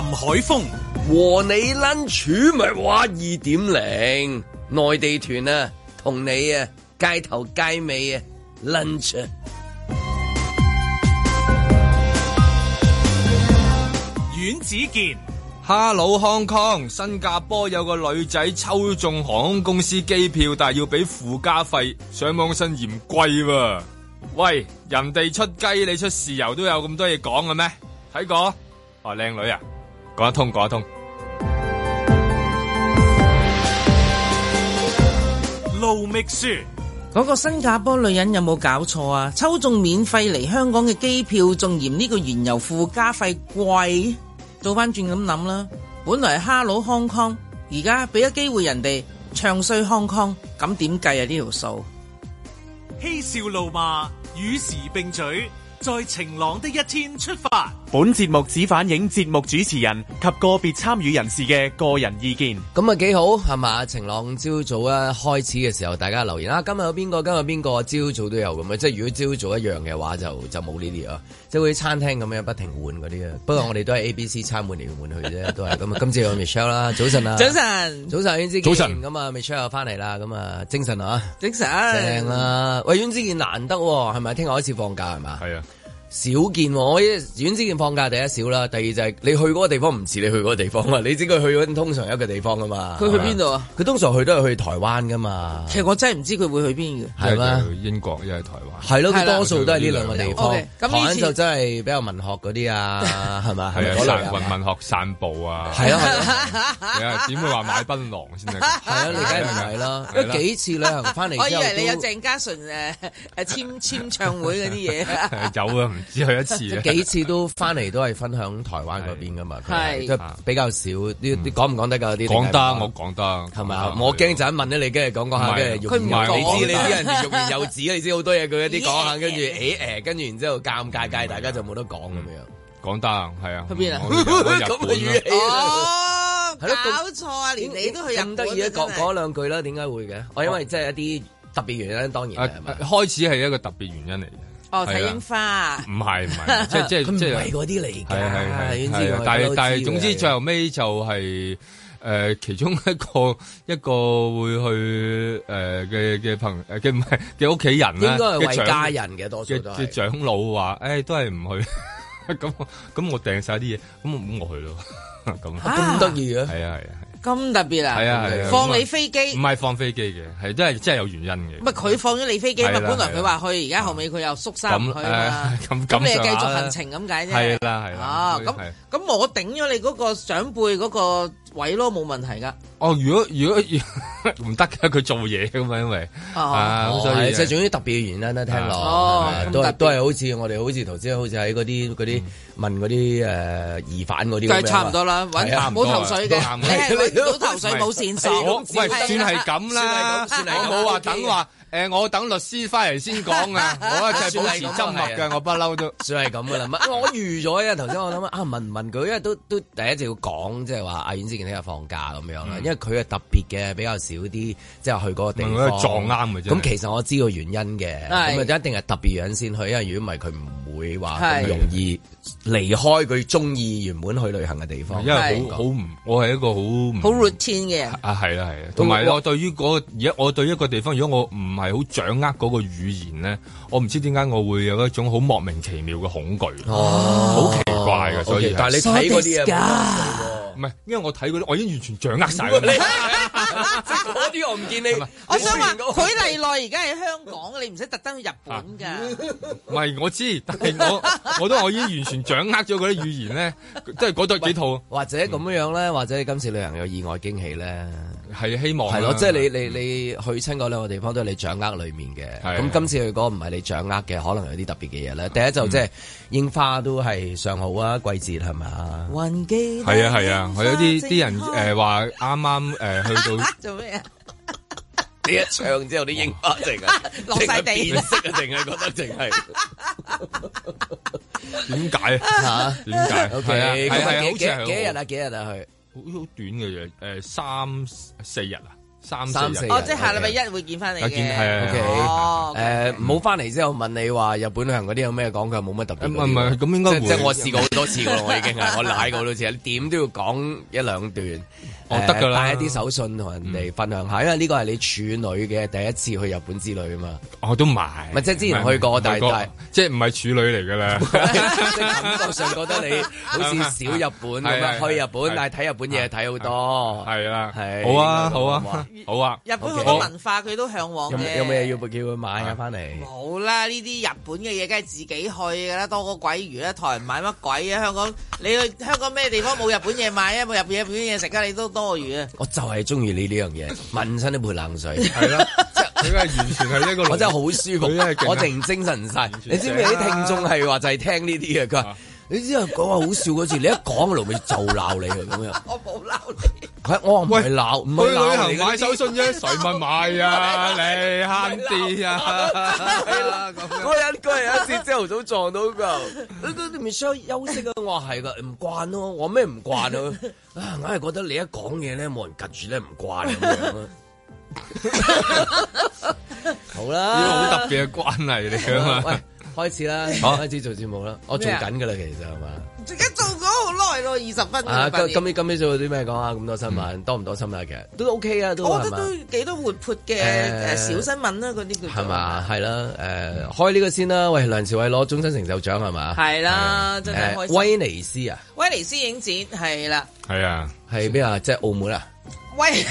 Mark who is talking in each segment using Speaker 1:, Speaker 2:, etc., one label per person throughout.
Speaker 1: 林海峰和你 lunch 咪話二點零。內地團啊同你啊街頭街尾啊 lunch。阮子健，
Speaker 2: 哈佬康康，新加坡有個女仔抽中航空公司機票，但係要俾附加費，上網呻嫌貴喎、啊。喂，人哋出雞，你出豉油都有咁多嘢講嘅咩？睇過啊，靚女啊！講一通，講一通。
Speaker 3: 盧覓雪嗰個新加坡女人有冇搞錯啊？抽中免費嚟香港嘅機票，仲嫌呢個燃油附加費貴？倒翻轉咁諗啦，本來係哈佬康康，而家俾咗機會人哋唱衰康康、啊，咁點計啊？呢條數，
Speaker 4: 嬉笑怒罵與時並舉，在晴朗的一天出發。
Speaker 1: 本節目只反映節目主持人及個別參與人士嘅個人意見。咁啊幾好係嘛？晴朗朝早咧，開始嘅時候，大家留言啦。今日有邊個，今日邊個朝早都有咁啊。即係如果朝早一樣嘅話，就就冇呢啲啊。即係好似餐廳咁樣不停換嗰啲啊。不過我哋都係 A B C 餐換嚟換去啫，都係咁啊。今次有 Michelle 啦，早晨啊， 早晨上，早晨袁之健，早晨咁啊，Michelle 我翻嚟啦，咁啊，精神啊，精神，正啦，啊。喂，袁之健難得係咪？聽日開始放假係嘛？係啊。少見，我一年之間放假第一少啦，第二就係你去嗰個地方唔似你去嗰個地方啊！你知佢去通常有一個地方啊嘛？佢去邊度啊？佢通常去都係去台灣噶嘛？其實我真係唔知佢會去
Speaker 3: 邊嘅。係啦，去
Speaker 1: 英國，一係台灣。係咯，佢多數都係呢兩個地方。咁以就真係比較文學嗰啲啊，係嘛？係啊，嗰文學散步啊。係啊。係
Speaker 2: 咯，點會話買檳榔先得？係咯，你梗唔係咯？幾
Speaker 1: 次旅行翻嚟，我以為
Speaker 3: 你有鄭家純誒誒簽簽唱會嗰啲嘢
Speaker 1: 啊，有啊。只去一次，即幾次都翻嚟都係分享台灣嗰邊㗎嘛，即比較少啲。你講唔講得㗎？啲講得，我講得，係咪我驚陣問咧，你跟住講講下，跟住欲言，你知你啲人係欲言又止，你知好多嘢，佢一啲講下，跟住誒誒，跟住然之後尷尬尷，大家就冇得講咁樣。講得係啊，咁嘅語氣，哦，搞錯啊！連你都去咁得意，講講兩句啦。點解會嘅？我因為即係一啲特別原因，當然
Speaker 2: 係開始係一個特別原因嚟哦，睇櫻花唔係唔係，即即即係嗰啲嚟嘅，係係 但係但係總之最後尾就係、是、誒、呃、其中一個一個會去誒嘅嘅朋誒嘅唔係嘅屋企人咧，應該係為家人嘅長多數都係。嘅長老話誒、哎、都係唔去，咁 咁我，我訂晒啲嘢，咁我唔我去咯。咁咁得意啊，係啊係啊。
Speaker 3: 咁特別啊！啊，放你飛機，
Speaker 2: 唔係放飛機嘅，係都係真係有原因嘅。唔
Speaker 3: 係佢放咗你飛機，嘛，啊啊、本來佢話去，而家後尾佢又縮沙，咁咁你係繼續行程咁解啫。係啦
Speaker 2: 係啦。咁咁、
Speaker 3: 啊啊啊、我頂咗你嗰個長輩嗰、嗰個。位咯，冇問題噶。
Speaker 1: 哦，如果如果唔得嘅，佢做嘢咁啊，因為啊，所以即係總之特別嘅原因啦，聽落。都都係好似我哋好似頭先好似喺嗰啲嗰啲問嗰啲誒疑犯嗰啲，就係差唔多啦，揾男冇頭緒嘅，你揾到頭緒冇線索，喂，算係咁啦，算我冇話等話。誒，我等律師翻嚟，先講啊！我真係保持沉默嘅，我不嬲都算係咁噶啦。因為我預咗啊，頭先我諗啊，問唔問佢？因為都都第一就要講，即係話阿燕之健聽日放假咁樣啦。因為佢係特別嘅比較少啲，即係去嗰個地方撞啱嘅。咁其實我知道原因嘅，咁啊一定係特別原因先去，因為如果唔係，佢唔會話咁容易離開佢中意原本去旅行嘅地方。因為好好唔，我係一個好
Speaker 3: 好 routine
Speaker 1: 嘅，係啦，係，同埋我
Speaker 2: 對於嗰我對一個地方，如果我唔唔係好掌握嗰個語言咧。我唔知點解我會有一種好莫名其妙嘅恐懼，好奇怪嘅。所以，但係你睇嗰啲啊，唔係因為我睇嗰啲，我已經完全掌握晒。嗰啲
Speaker 5: 我
Speaker 1: 唔見你。我想話佢嚟
Speaker 3: 內而家喺香港，你唔使特登去日本㗎。
Speaker 2: 唔係我知，但係我我都我已經完全掌握咗嗰啲語言咧，即係嗰度幾套，
Speaker 1: 或者咁樣咧，或者你今次旅行有意外驚喜咧，係希望係咯。即係你你你去親嗰兩個地方都係你掌握裡面嘅。咁今次去嗰個唔係你。掌握嘅可能有啲特別嘅嘢咧，第一就即係櫻花都係尚好啊，季節係咪，係啊係啊，我有啲啲人誒話啱啱誒去到做咩啊？一唱之後啲櫻花淨
Speaker 2: 啊，落
Speaker 5: 晒地色啊，淨啊，覺得淨係
Speaker 2: 點解啊？點解？係啊，幾幾幾日啊？幾日啊？去好好短嘅啫誒，三四日啊。三三四，我即係下禮拜一會見翻你嘅。
Speaker 1: 係啊，哦，誒，唔好翻嚟之後問你話日本旅行嗰啲有咩講，佢冇乜特別。唔係唔係，咁應該即係我試過好多次噶啦，我已經係我舐過好多次，你點都要講一兩段，
Speaker 5: 我得噶啦，帶一啲手
Speaker 1: 信同人哋分享下，因為呢個係你處女嘅第一次去日本之旅啊嘛。
Speaker 2: 我都埋，唔係即係之前去過，但係即係唔係處女嚟噶啦，即係
Speaker 1: 感覺上覺得你好似小日本咁啊，去日本但係睇日本嘢睇好多，係啦，係，好啊，好啊。好啊！日本好多文
Speaker 3: 化，佢都向往嘅。有冇嘢要
Speaker 1: 叫佢買嘅翻嚟？冇
Speaker 3: 啦、啊，呢啲日本嘅嘢梗係自己去㗎啦，多過鬼魚啊，台人買乜鬼啊？香港你去香港咩地方冇日本嘢買啊？冇 日本嘢，日本嘢食得你都多
Speaker 1: 餘啊！我就係中意你呢樣嘢，問親都冇冷水，係啦，呢個完全係呢個。 啊、我真係好舒服，我淨精神晒。 啊、你知唔知啲聽眾係話就係聽呢啲啊？佢話。你知啊，講話好笑嗰次，你一講羅美就鬧你啊，咁樣。我冇鬧你。我話唔係鬧，唔去旅行買手信啫，誰喂問買啊？你慳啲啊！嗰日嗰日一次朝頭早撞到個，你咪需要休息啊？我話係噶，唔慣咯。我咩唔慣啊？我硬係覺得你一講嘢咧，冇人夾住咧，唔慣咁
Speaker 5: 樣。
Speaker 1: 好啦，好 特別嘅關係嚟噶嘛。開始啦，好開始做節目啦，我做緊噶啦，其實係嘛？
Speaker 3: 而家做咗好耐咯，二十分。啊，
Speaker 1: 今今做啲咩講啊？咁多新聞，多唔多新聞嘅？其實都 OK 啊，我覺得都
Speaker 3: 幾多活潑嘅小新聞啦，嗰啲叫。係
Speaker 1: 嘛？係啦，誒，開呢個先啦。喂，梁朝偉攞終身成就獎係嘛？係啦，真係威尼斯啊，
Speaker 3: 威尼斯影展係啦，
Speaker 1: 係啊，係咩啊？即係澳門啊？
Speaker 5: 威，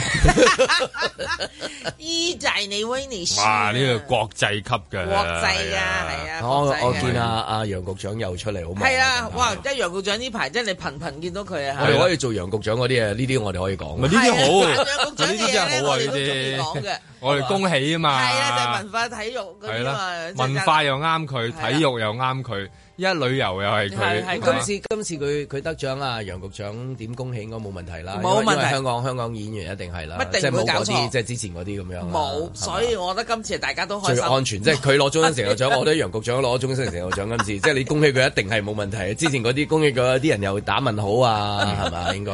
Speaker 3: 依就係你威尼斯。哇，
Speaker 1: 呢個國際級嘅，國際嘅係啊。我我見阿阿楊局長又出嚟好嘛？係啊，
Speaker 3: 哇！即係楊局長呢排即係你頻頻見到佢啊。我哋可
Speaker 1: 以做楊局長嗰啲啊，呢啲我哋可以
Speaker 2: 講。呢啲好，楊局
Speaker 3: 長呢啲好啊，呢
Speaker 2: 啲。我哋恭喜啊嘛，係啊，就係文
Speaker 1: 化體育嗰啲嘛，文化
Speaker 2: 又啱佢，體育又啱佢。一旅遊又係佢，今次
Speaker 1: 今次佢佢得獎啊！楊局長點恭喜應該冇問題啦，因為香港香港演員一定係啦，即係冇嗰啲即係之前嗰啲咁樣。冇，
Speaker 3: 所以我覺得今次大家都最安全，即係
Speaker 1: 佢攞終身成就獎，我覺得楊局長攞終身成就獎今次，即係你恭喜佢一定係冇問題。之前嗰啲恭喜佢啲人又打問號啊，係嘛應該。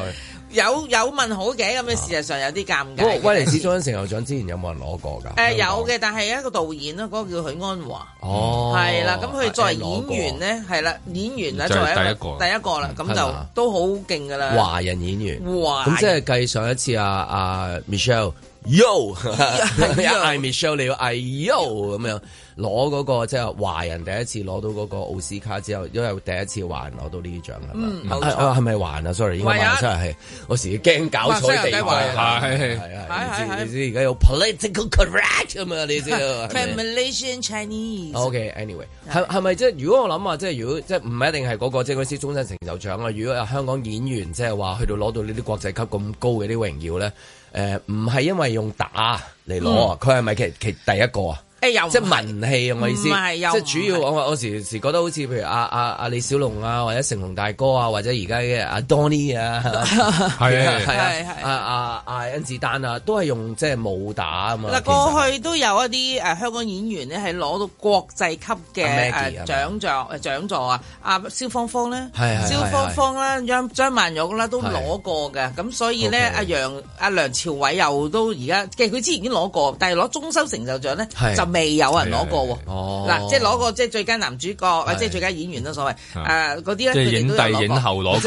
Speaker 3: 有有問好嘅咁嘅，樣事實上有啲尷尬。威尼斯終
Speaker 1: 身成就獎之前有冇人攞過㗎？誒有
Speaker 3: 嘅，但係一個導演咯，嗰、那個叫許安華。
Speaker 1: 哦，係啦，
Speaker 3: 咁佢作為演員咧，係啦 N，演員啊，作為一個為第一個啦，咁嗎就都好勁㗎啦。華
Speaker 1: 人演員。哇哇。咁即係繼上一次啊啊 Michelle。Yo，阿 Michelle 你要嗌 Yo 咁樣攞嗰個即係華人第一次攞到嗰個奧斯卡之後，因為第一次華人攞到呢啲獎㗎嘛？啊係咪華人啊？Sorry，應該華人真係，我時驚搞錯地位係係係，你知唔知而家有 political correct 啊嘛？你知 c 啊？講
Speaker 3: Malaysian Chinese。
Speaker 1: Okay，anyway 係係咪即係如果我諗啊，即係如果即係唔係一定係嗰個即係嗰啲終身成就獎啊？如果係香港演員，即係話去到攞到呢啲國際級咁高嘅啲榮耀咧？誒唔係因為用打嚟攞，佢係咪其其第一個啊？即係文氣，我意思，即係主要我我時時覺得好似譬如阿阿阿李小龍啊，或者成龍大哥啊，或者而家嘅阿 Donny 啊，係啊係啊，阿阿甄子丹啊，都係用即係武打啊嘛。嗱，過去
Speaker 3: 都有一啲誒香港演員咧，係攞到國際級嘅誒獎座誒獎座啊。阿蕭芳芳咧，蕭芳芳啦，張張曼玉啦，都攞過嘅。咁所以咧，阿楊阿梁朝偉又都而家，其實佢之前已經攞過，但係攞終身成就獎咧未有人攞過喎，嗱，哦、即係攞過即係最佳男主角，啊是，即係最佳演員咯，所謂，誒啲咧，即係、呃、影帝影后攞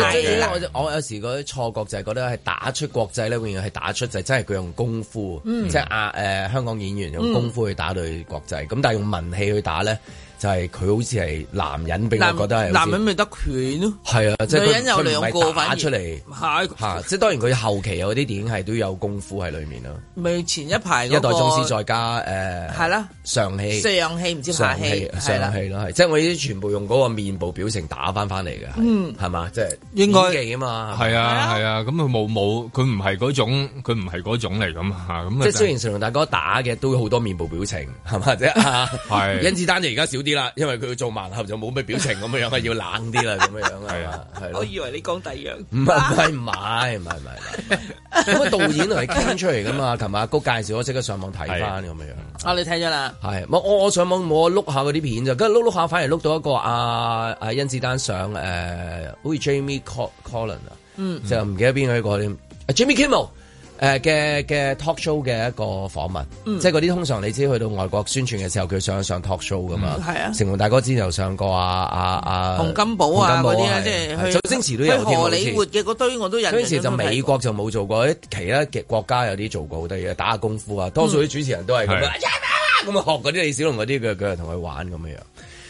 Speaker 3: 過。
Speaker 1: 我有時嗰啲錯覺就係覺得係打出國際咧，永遠係打出就真係佢用功夫，嗯、即係阿誒香港演員用功夫去打到國際，咁、嗯、但係用文氣去打咧。就係佢好似係男人俾我覺得係，男人咪得拳咯，係啊，女人有兩個反出嚟，係嚇，即係當然佢後期有啲電影係都有功夫喺裏面咯。
Speaker 3: 咪前一排一代宗師再
Speaker 1: 加誒，係啦，上戲上
Speaker 3: 戲唔知下戲上戲
Speaker 1: 咯，即係我已經全部用嗰個面部表情打翻翻嚟㗎，嗯，係嘛，即係應該啊嘛，係啊係啊，咁佢冇冇佢唔係嗰種佢唔係嗰種嚟咁嚇，咁即係雖然成龍大哥打嘅都好多面部表情係嘛啫嚇，甄子丹就而家少。啲啦，因為佢要做盲盒就冇咩表情咁樣樣，係要冷啲啦，咁
Speaker 3: 樣樣係啊，係我以
Speaker 1: 為你講第二樣，唔係
Speaker 3: 唔
Speaker 1: 係唔係唔係唔係，咁個 導演係剪出嚟噶嘛，琴日阿谷介紹我，即刻上網睇翻咁樣樣，
Speaker 3: 啊。啊，你睇咗啦？
Speaker 1: 係，我我上網我碌下嗰啲片啫，跟住碌碌下反而碌到一個阿阿甄子丹上，誒，好似 Jamie Colin 啊，Jamie Colin，嗯、就唔記得邊，那個呢個 Jamie 誒嘅嘅 talk show 嘅一個訪問，嗯、即係嗰啲通常你知去到外國宣傳嘅時候，佢上一上 talk show 噶嘛，嗯啊、成龍大哥之前又上過啊啊啊，洪、啊、金寶啊啲、啊啊、即係周星馳都有荷里活
Speaker 3: 嘅堆我都認。周星馳就美
Speaker 1: 國就冇做過，其他嘅國家有啲做過好多嘢，打下功夫啊，嗯、多數啲主持人都係咁樣，咁、嗯、學嗰啲李小龍嗰啲，佢佢同佢玩咁樣樣。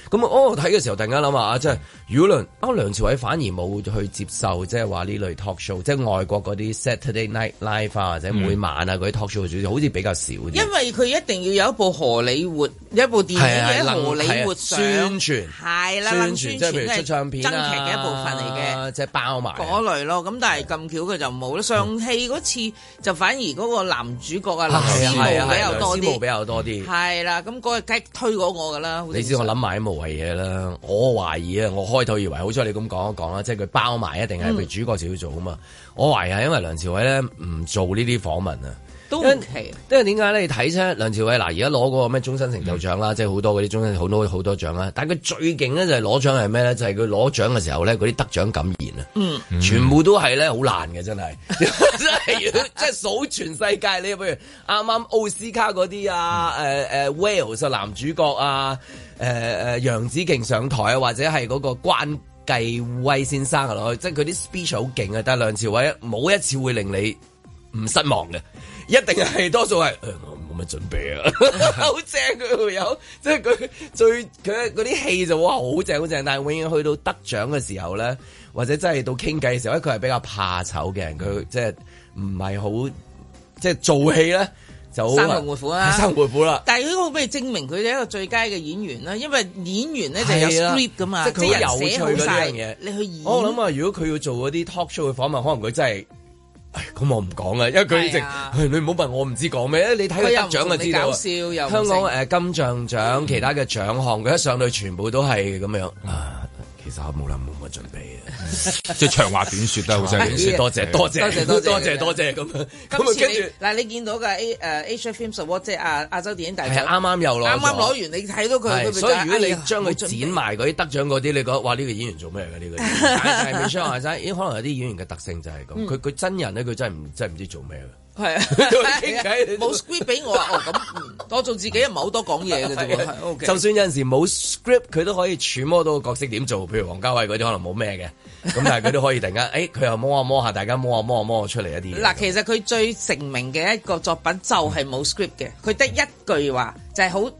Speaker 1: 咁我睇嘅時候突然間諗下啊，真係～如果論梁，梁朝偉反而冇去接受即係話呢類 talk show，即係外國嗰啲 Saturday Night Live 啊，或者每晚啊嗰啲 talk show, show 好似比較少啲。因
Speaker 3: 為佢一定要有一部荷里活，一部電影喺、啊、荷里活、啊、上宣傳，係啦、啊，宣傳、啊、宣傳即係出唱片啦、啊，爭劇嘅一部分嚟嘅，即係包埋嗰、啊、類咯。咁但係咁巧佢就冇啦。上戲嗰次就反而嗰個男主角啊，絲毛、啊、比較多啲，係啦、啊，咁嗰、啊啊啊嗯、個梗係推嗰個㗎啦。你知我
Speaker 1: 諗埋啲無謂嘢啦？我懷疑啊，我啊。我開頭以為，好彩你咁講一講啦，即係佢包埋一定係佢主角自己做啊嘛。嗯、我懷疑係因為梁朝偉咧唔做呢啲訪問啊。都 OK，即係點解咧？你睇出梁朝偉嗱，而家攞嗰個咩終身成就獎啦，mm. 即係好多嗰啲終身好多好多獎啦。但係佢最勁咧就係攞獎係咩咧？就係佢攞獎嘅時候咧，嗰啲得獎感言啊，mm. 全部都係咧好爛嘅，真係真係即係數全世界。你譬如啱啱奧斯卡嗰啲啊，誒誒 Will 男主角啊，誒誒，楊紫瓊上台啊，或者係嗰個關繼威先生啊，落去即係佢啲 speech 好、er、勁啊。但係梁朝偉冇一次會令你唔失望嘅。一定係多數係、欸，我冇乜準備啊，好正佢會有，即係佢最佢啲戲就哇好正好正，但係永遠去到得獎嘅時候咧，或者真係到傾偈嘅時候咧，佢係比較怕醜嘅人，佢即係唔係好即係做戲咧，就生龍活虎生活啦。活啦，
Speaker 3: 但係佢可唔可以證明佢哋係一個最佳嘅演員咧？因為演員咧、啊、就有 script 噶嘛，即係有寫好嘅嘢，
Speaker 1: 你去演。我諗啊，如果佢要做嗰啲 talk show 嘅訪問，可能佢真係。唉，咁我唔講啦，因為佢直，你唔好問我唔知講咩，你睇佢得獎就知道香港誒、呃、金像獎、嗯、其他嘅獎項，佢一上去全部都係咁樣啊，其實我冇諗冇乜準備啊。即係長話短說得啦，長話短說，多謝多謝多謝多謝多謝咁，咁跟住，
Speaker 3: 嗱，你見到嘅 A 誒，H F Films Award 即係亞亞洲電影大獎，啱
Speaker 1: 啱又攞，啱啱攞完
Speaker 3: 你睇到佢，所以如果你
Speaker 1: 將佢剪埋嗰啲得獎嗰啲，你覺得哇呢個演員做咩嘅呢個？但係未 sure，或者咦，可能有啲演員嘅特性就係咁，佢佢真人咧，佢真係唔真係唔知做咩
Speaker 3: 係啊，傾偈冇 script 俾我啊，哦咁，我做自己又唔係好多講嘢嘅啫喎。就算有
Speaker 1: 陣時冇 script，佢都可以揣摩到個角色點做，譬如王家衛嗰啲可能冇咩嘅，咁但係佢都可以突然間，誒，佢又摸下摸下，大家摸下摸下摸出嚟一啲。嗱，
Speaker 3: 其實佢最成名嘅一個作品就係冇 script 嘅，佢得一句話就係好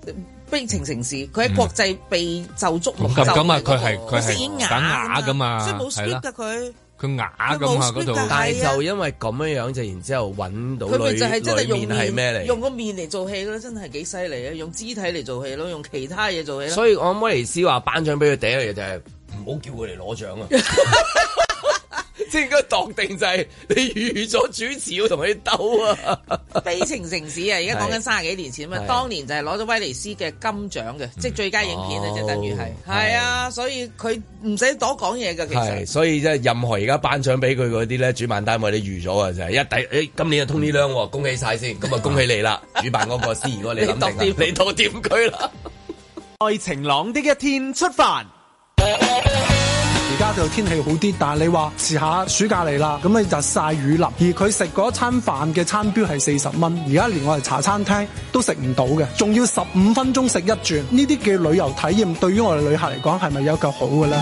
Speaker 3: 悲情城市，佢喺國際被就足錄，咁咁啊，佢係佢係啞啞噶
Speaker 5: 嘛，
Speaker 1: 所以冇 script 噶佢。佢啞咁下嗰度，但係就因為咁樣樣，然就然之後揾到佢。女面係咩嚟？用個
Speaker 3: 面嚟做戲咯，真係幾犀利啊！用肢體嚟做戲咯，用其他嘢做戲咯。所以
Speaker 1: 我阿威尼斯話頒獎俾佢第一樣嘢就係唔好叫佢嚟攞獎啊！ 即係應該當定就係你預咗主持要同佢鬥啊！悲
Speaker 3: 情城市啊，而家講緊三十幾年前啊嘛，的當年就係攞咗威尼斯嘅金獎嘅，嗯、即係最佳影片啊，即係等於係係啊，所以佢唔使多講
Speaker 5: 嘢噶，其實
Speaker 1: 所以即係任何而家頒獎俾佢嗰啲咧，主辦單位你預咗啊，就係一抵誒，今年就通呢兩，恭喜晒先，咁啊恭喜你啦！ 主辦嗰個司儀，如果你篤掂 你篤掂佢啦！在晴朗的一天出發。
Speaker 2: 而家就天氣好啲，但係你話遲下暑假嚟啦，咁你就曬雨淋。而佢食嗰餐飯嘅餐標係四十蚊，而家連我哋茶餐廳都食唔到嘅，仲要十五分鐘食一轉。呢啲嘅旅遊體驗，對於我哋旅客嚟講係咪有個好嘅呢？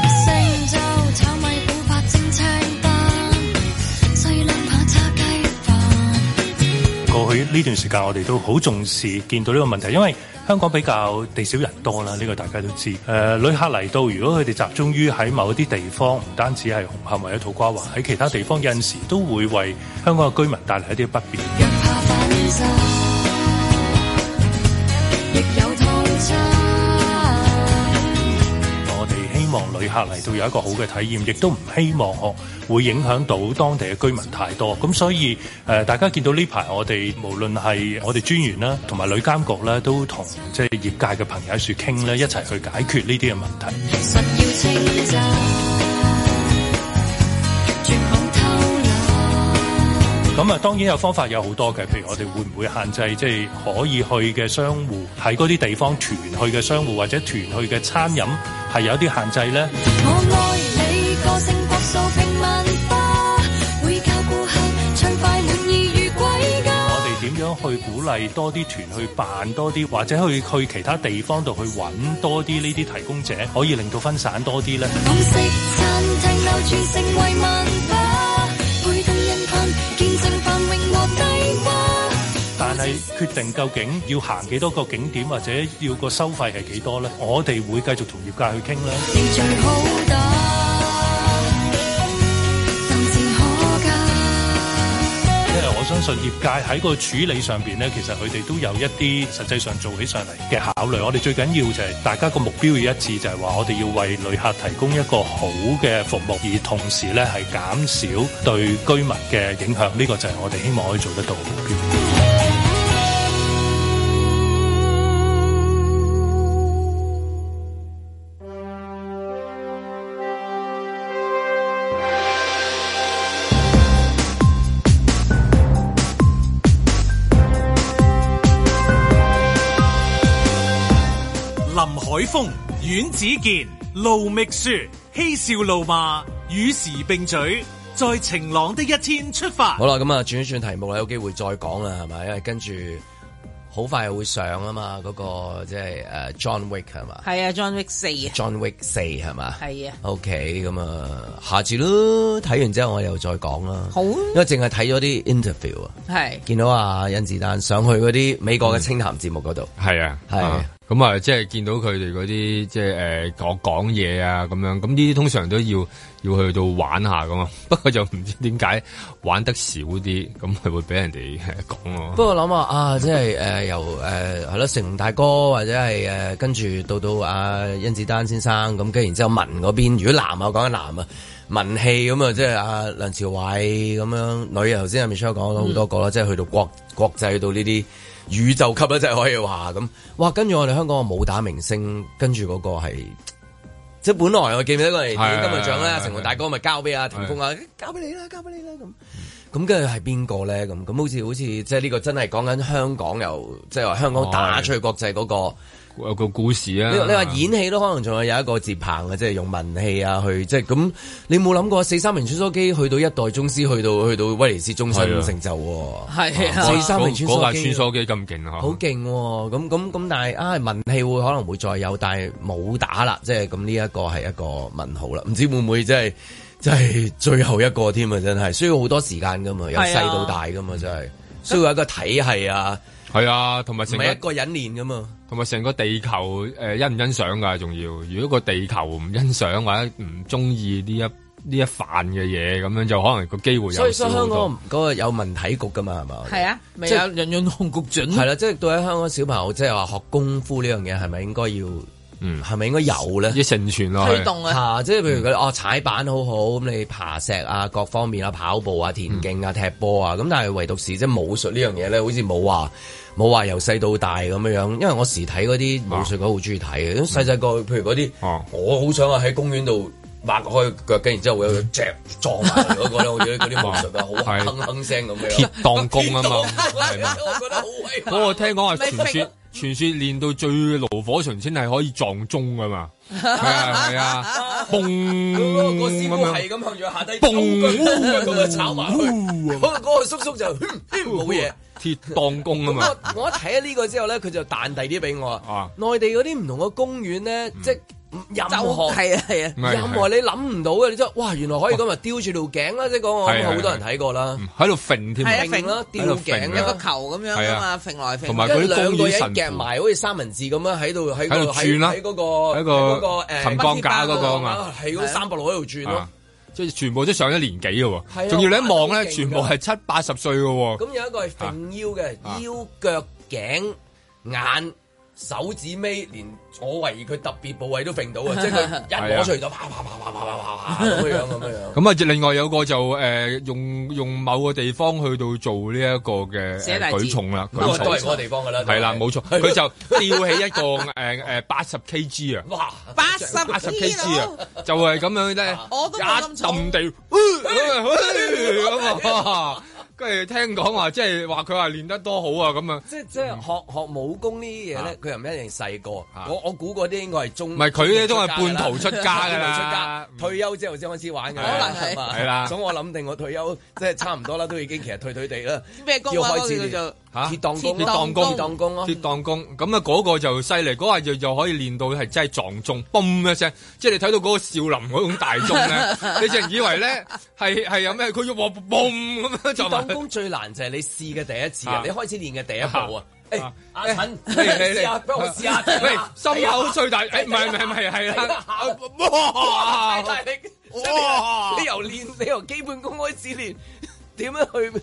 Speaker 4: 過去呢段時間，我哋都好重視，見到呢個問題，因為香港比較地少人多啦，呢、這個大家都知。誒、呃，旅客嚟到，如果佢哋集中於喺某一啲地方，唔單止係紅磡或者土瓜灣，喺其他地方有陣時都會為香港嘅居民帶嚟一啲不便。 旅客嚟到有一個好嘅體驗，亦都唔希望哦會影響到當地嘅居民太多。咁所以誒，大家見到呢排我哋無論係我哋專員啦，同埋旅監局咧，都同即係業界嘅朋友喺樹傾咧，一齊去解決呢啲嘅問題。咁啊，當然有方法有好多嘅，譬如我哋會唔會限制即係、就是、可以去嘅商戶喺嗰啲地方團去嘅商戶或者團去嘅餐飲係有啲限制
Speaker 5: 呢？我
Speaker 4: 哋點樣去鼓勵多啲團去辦多啲，或者去去其他地方度去揾多啲呢啲提供者，可以令到分散多啲呢？但係決定究竟要行幾多個景點，或者要個收費係幾多呢？我哋會繼續同業界去傾啦。因為我相信業界喺個處理上邊呢，其實佢哋都有一啲實際上做起上嚟嘅考慮。我哋最緊要就係大家個目標要一致，就係話我哋要為旅客提供一個好嘅服務，而同時呢係減少對居民嘅影響。呢個就係我哋希望可以做得到嘅目標。阮子健、盧覓雪嬉笑怒罵與時並嘴，在晴朗的一天出發。
Speaker 1: 好啦，咁啊轉一轉題目啦，有機會再講啦，係咪？因為跟住好快又會上啊嘛，嗰、那個即係誒、uh, John Wick 係嘛？
Speaker 3: 係啊，John Wick 四
Speaker 1: John Wick 四係嘛？係啊。OK，咁啊，下次咯，睇完之後我又再講啦。好、啊，因為淨係睇咗啲 interview 啊是，係見到阿甄子丹上去嗰啲美國嘅清談節目嗰度，係 啊，係、啊。
Speaker 2: 咁啊，即係見到佢哋嗰啲即係誒講講嘢啊，咁樣咁呢啲通常都要要去到玩，玩下噶嘛，不過就唔知點解玩得少啲，咁係會俾人哋講咯。
Speaker 1: 不過諗下啊，即係誒由誒係咯，成大哥或者係誒跟住到到阿、啊、甄子丹先生咁，跟、嗯、然之後文嗰邊，如果男啊講緊男啊文戲咁啊，即係阿梁朝偉咁樣，女啊頭先阿 Michelle 講咗好多個啦，嗯、即係去到國國際到呢啲。宇宙級啊，真係可以話咁，哇！跟住我哋香港嘅武打明星，跟住嗰個係，即係本來我記唔記得嚟，演金像獎咧，成龍大哥咪交俾阿霆鋒啊，交俾你啦，交俾你啦咁，咁跟住係邊個咧？咁、嗯、咁、嗯嗯、好似好似即係呢個真係講緊香港又即係話香港打出去國際嗰、嗰個。是是是有個故事啊！你你話演戲都可能仲係有一個接棒啊，即係用文戲啊，去即係咁。你冇諗過四三零穿梭機去到一代宗師，去到去到威尼斯中心成就，係四三零穿梭機咁勁啊！好勁咁咁咁，但係啊文戲會可能會再有，但係武打啦，即係咁呢一個係一個問號啦。唔知會唔會即係即係最後一個添啊？真係需要好多時間噶嘛，由細到大噶嘛，真係需要一個體系啊。係啊，同埋唔係一個人練噶嘛。同埋成個地
Speaker 2: 球誒欣唔欣賞㗎，仲要如果個地球唔欣賞或者唔中意呢
Speaker 1: 一呢一範嘅嘢，咁樣就可能個機會有少少。所以香港嗰個有文體局㗎嘛，係嘛？
Speaker 3: 係啊，即係
Speaker 1: 引引控局長。係啦，即係對於香港小朋友，即係話學功夫呢樣嘢，係咪應該要？嗯，係咪應該有咧？一成全咯，推動啊！即係譬如佢哦，踩、嗯、板好好，咁你爬石啊，各方面啊，跑步啊，田徑啊，嗯、踢波啊，咁但係唯獨是即係武術呢樣嘢咧，好似冇話冇話由細到大咁樣樣。因為我時睇嗰啲武術，我好中意睇嘅。咁細細個，譬如嗰啲，啊、我好想啊喺公園度。擘開腳跟，然之後會有隻撞埋嗰個咧，好似嗰啲武術咁，好鏗鏗聲咁嘅。鐵當功啊嘛，係嘛，
Speaker 2: 我覺得好威。
Speaker 5: 嗰個聽講係傳說，
Speaker 2: 傳說練到最爐火純青係可以撞鐘噶嘛。
Speaker 5: 係啊，係
Speaker 2: 啊，嘣咁係咁向住下底，
Speaker 1: 嘣咁樣炒埋佢。嗰個叔叔就冇嘢。鐵當功啊嘛。我一睇咗呢個之後咧，佢就淡定啲俾我。啊，內地嗰啲唔同嘅公園咧，即。任何係啊係啊，任何你諗唔到嘅，你真係哇原來可以咁啊！吊住條頸啦，即講我，好多人睇過啦，喺度揈添，揈吊條頸，有個球咁樣啊嘛，同埋嗰啲兩個人夾埋，好似三文治咁樣喺度喺度轉啦，喺嗰個一個嗰個誒鉚架嗰個啊嘛，喺嗰三伯佬喺度轉咯，
Speaker 2: 即係全部都上咗年紀咯，仲要你一望咧，全部係七八十歲嘅喎。咁
Speaker 1: 有一個係揈腰嘅，腰腳頸眼。手指尾，連我懷疑佢特別部位都揈到啊！即係佢一攞出嚟就啪啪啪啪啪啪啪咁樣
Speaker 2: 咁樣咁啊，另外有個就誒用用某個地方去到做呢一個嘅舉重啦，舉重都係嗰個地方㗎啦。係啦，冇錯，佢就吊起一個誒誒八十 kg 啊！哇，八十八十 kg 啊，就係咁樣咧，
Speaker 5: 一揼地，
Speaker 2: 咁啊！跟住聽講話，
Speaker 1: 即係話佢話練得多好啊！咁啊，即即學學武功呢啲嘢咧，佢又唔一定細個。我我估嗰啲應該係中，唔係佢咧都係半途出家嘅。出家退休之後先開始玩嘅，係啦。咁我諗定我退休即係差唔多啦，都已經其實退退地啦。咩功啊？要開始練。鐵檔功，鐵檔功，鐵
Speaker 2: 檔功，咁啊嗰個就犀利，嗰下，又可以練到係真係撞鐘，嘣一聲，即係你睇到嗰個少林嗰種大鐘咧，你仲以為咧
Speaker 1: 係係有咩？佢喐嘣咁樣撞。鐵檔功最難就係你試嘅第一次啊，你開始練嘅第一步啊。阿陳，
Speaker 5: 你你你幫我試下。喂，
Speaker 1: 心口最大，誒，唔係唔係唔係係
Speaker 5: 啦。
Speaker 1: 你由練，你由基本功開始練，點樣去？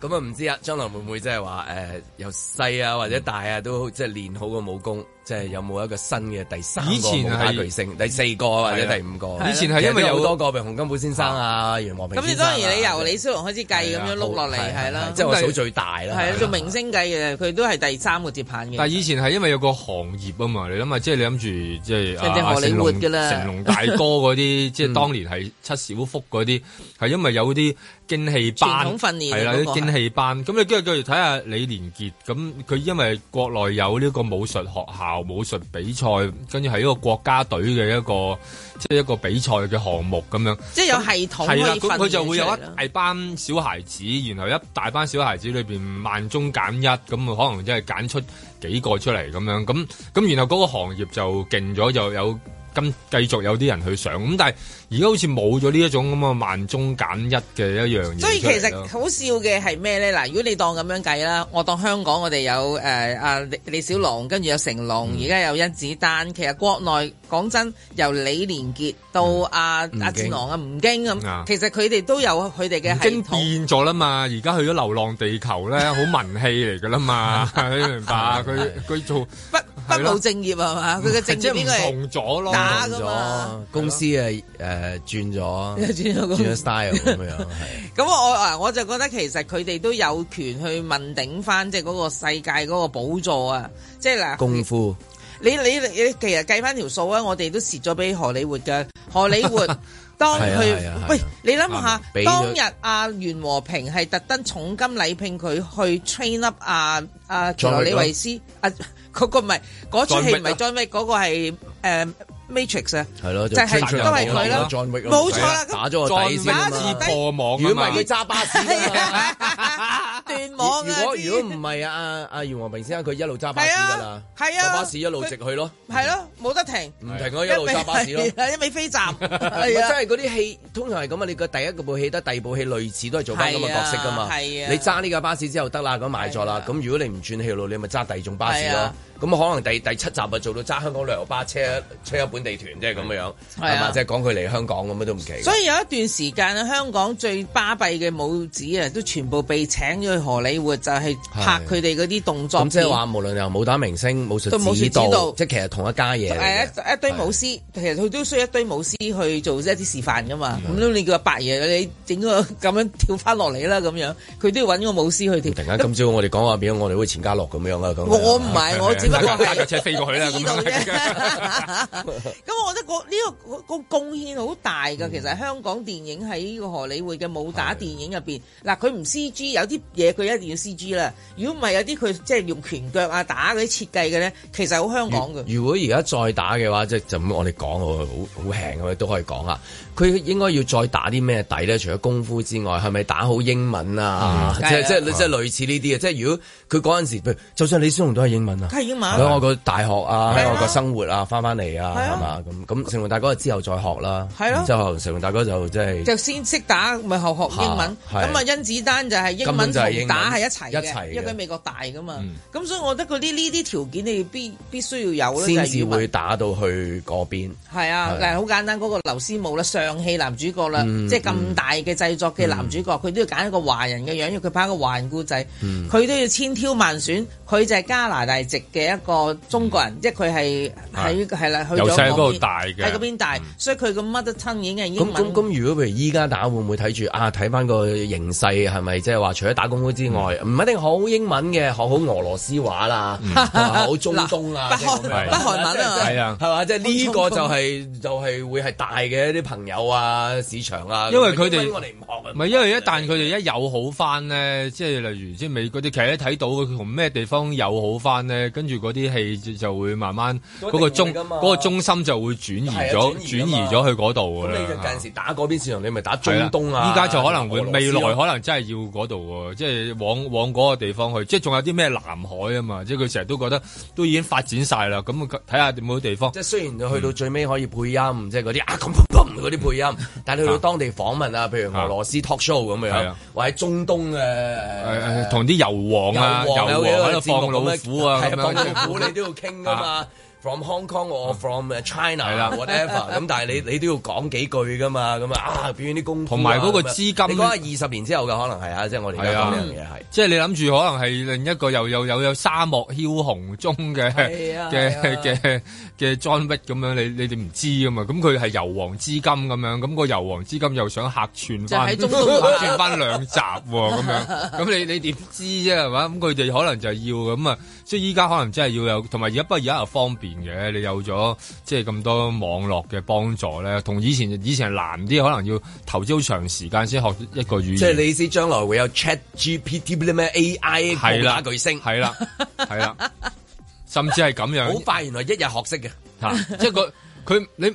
Speaker 1: 咁、呃、啊，唔知啊，將來會唔會即係話誒，由細啊或者大啊都即係練好個武功。即係有冇一個新嘅第三個大巨星、第四個或者第五個？以前係因為有好多個，譬如洪金寶先生啊、袁和平先生。咁你當然你由李
Speaker 3: 小龍開始計咁樣碌落嚟係啦，即係我數
Speaker 1: 最大啦。係啦，做明
Speaker 3: 星計嘅，佢都係第三個接棒嘅。但係以
Speaker 2: 前係因為有個行業啊嘛，你諗下，即係你諗住即係啊成龍、成龍大哥嗰啲，即係當年係七小福嗰啲，係因為有啲京戲班，傳統訓練係啦，啲京戲班。咁你跟住繼續睇下李連杰，咁佢因為國內有呢個武術學校。武術比賽，跟住係一個國家隊嘅一個，即係一個比賽嘅項目咁樣，
Speaker 3: 即係有系統。係啦，佢就會有
Speaker 2: 一大班小孩子，然後一大班小孩子裏邊萬中揀一，咁可能即係揀出幾個出嚟咁樣，咁咁然後嗰個行業就勁咗，就有。有咁繼續有啲人去上咁，但係而家好似冇咗呢一種咁嘅萬中揀一嘅一樣嘢。所以其實
Speaker 3: 好笑嘅係咩咧？嗱，如果你當咁樣計啦，我當香港我哋有誒阿、呃、李小龍，跟住有成龍，而家、嗯、有甄子丹。其實國內講真，由李連杰到阿阿戰狼啊，吳京咁，嗯啊、其實佢哋都有佢哋嘅系統
Speaker 2: 變咗啦嘛。而家去咗流浪地球咧， 好文氣嚟噶啦嘛，你 明白？佢
Speaker 1: 佢做不？ 不務
Speaker 3: 正業係嘛？佢嘅職業應該係紅咗囉打咗
Speaker 1: 公司啊？誒轉咗轉咗 style 咁樣係。
Speaker 3: 咁我啊我就覺得其實佢哋都有權去問鼎翻，即係嗰個世界嗰個寶座啊！即係嗱功夫，你你你其實計翻條數啊！我哋都蝕咗俾荷里活嘅荷里活當佢，喂，你諗下，當日阿袁和平係特登重金禮聘佢去 train up 阿阿羅里維斯阿。嗰個唔係嗰出戲唔係 join 咩？嗰個係誒。Matrix 啊，就係都係佢啦，冇錯啦，打咗個底先，啊，過網，如果唔係佢揸巴
Speaker 1: 士斷網，如果如果唔係阿阿袁和平先生，佢一路揸巴士噶啦，係啊，巴士一路直去咯，
Speaker 3: 係咯，冇得停，唔停啊，一路揸巴士咯，一味飛站，真
Speaker 1: 係嗰啲戲通常係咁啊。你個第一個部戲得，第二部戲類似都係做翻咁嘅角色㗎嘛。你揸呢架巴士之後得啦，咁買咗啦。咁如果你唔轉戲路，你咪揸第二種巴士咯。咁可能第第七集咪做到揸香港旅遊巴車一一地團即係咁嘅樣是是，係啊，即係講佢嚟香港咁樣都唔奇。所以
Speaker 3: 有一段時間啊，香港最巴閉嘅武師啊，都全部被請咗去荷里活，就係、是、拍佢哋嗰啲動作。即係話，
Speaker 1: 無論又武打明星、武術指導，指導即係其實同一家嘢。一
Speaker 3: 堆武師，的其實佢都需要一堆武師去做一啲示範㗎的嘛。咁你叫阿八爺，你整個咁樣跳翻落嚟啦，
Speaker 1: 咁樣佢都要揾個武師去跳。突然間，今朝我哋講話變我哋好似錢嘉樂咁樣啊咁。我唔係，我只不過
Speaker 5: 係飛過去啦。
Speaker 3: 咁我覺得個呢個個貢獻好大㗎，嗯、其實香港電影喺呢個荷里活嘅武打電影入邊，嗱佢唔 C G，有啲嘢佢一定要 C G 啦。如果唔係有啲佢即係用拳腳啊打嗰啲設計嘅咧，其實好香港嘅。
Speaker 1: 如果而家再打嘅話，即係就我哋講好，好好平嘅都可以講啊。佢應該要再打啲咩底咧？除咗功夫之外，係咪打好英文啊？即係即即係類似呢啲啊。即係如果佢嗰陣時，就算李小龍都係英文啊，佢
Speaker 3: 喺我個
Speaker 1: 大學啊，喺我個生活啊，翻翻嚟啊，係嘛咁咁？成龍大哥之後再學啦，係咯，之後成龍大哥就即係就
Speaker 3: 先識打，咪學學英文。咁啊，甄子丹就係英文同打係一齊嘅，因為喺美國大噶嘛。咁所以我覺得啲呢啲條件你必必須要有咧，先至會
Speaker 1: 打到去嗰邊。
Speaker 3: 係啊，嗱，好簡單，嗰個劉思慕戲男主角啦，即係咁大嘅製作嘅男主角，佢都要揀一個華人嘅樣，要佢拍一個華人故仔，佢都要千挑萬選，佢就係加拿大籍嘅一個中國人，即係佢係喺係啦，去咗喺嗰邊大，所以佢個乜都親影嘅英文。咁咁
Speaker 1: 咁，如果譬如依家大家會唔會睇住啊？睇翻個形勢係咪即係話？除咗打功夫之外，唔一定學好英文嘅，學好俄羅斯話啦，好中東啊，北韓北韓文啊，係嘛？即係呢個就係就係會係大嘅一啲朋友。有啊，市場啊，因為佢哋唔學，因為一旦佢哋一有
Speaker 2: 好翻咧，即係例如即係美國啲劇一睇到佢同咩地方有好翻咧，跟住嗰啲戲就會慢慢嗰個中嗰中心就會轉移咗，轉移咗去嗰度嘅啦。咁你近時打嗰邊市場，你咪打中東啊？依家就可能會未來可能真係要嗰度喎，即係往往嗰個地方去，即係仲有啲咩南海啊嘛？即係佢成日都覺得
Speaker 1: 都已經發展晒啦，咁睇下每啲地方。即係雖然去到最尾可以配音，即係啲嗰啲。配音，但係你去到當地訪問啊，譬如俄羅斯 talk show 咁樣、啊，或者中東嘅，同啲油王啊，油王喺度王放老虎啊，麼樣放老虎 你都要傾噶嘛。 From Hong Kong or from China，whatever。 咁但係你你都要講幾句噶嘛，咁啊，表現啲功、啊。同埋嗰個資金應該係二十年之後嘅，可能係啊，就是、我即係我哋而家講呢
Speaker 2: 樣嘢係。即係你諗住可能係另一個又又有，有有沙漠梟雄中嘅嘅嘅嘅裝逼咁樣，你你哋唔知啊嘛？咁佢係油王資金咁樣，咁個油王資金又想客串翻， 客串翻兩集喎、啊、咁樣。咁你你點知啫係嘛？咁佢哋可能就係要咁啊。即係依家可能真係要有，同埋而家不過而家又方便嘅，你有咗即係咁多網絡嘅幫助咧，同以前以前係難啲，可能要投資好長時間先學一個語言。即係你意思將來會
Speaker 1: 有 Chat GPT 嗰啲咩 AI 國家巨星？係啦，係啦， 甚至係咁樣。好快原來一日學識嘅、啊，即係佢佢你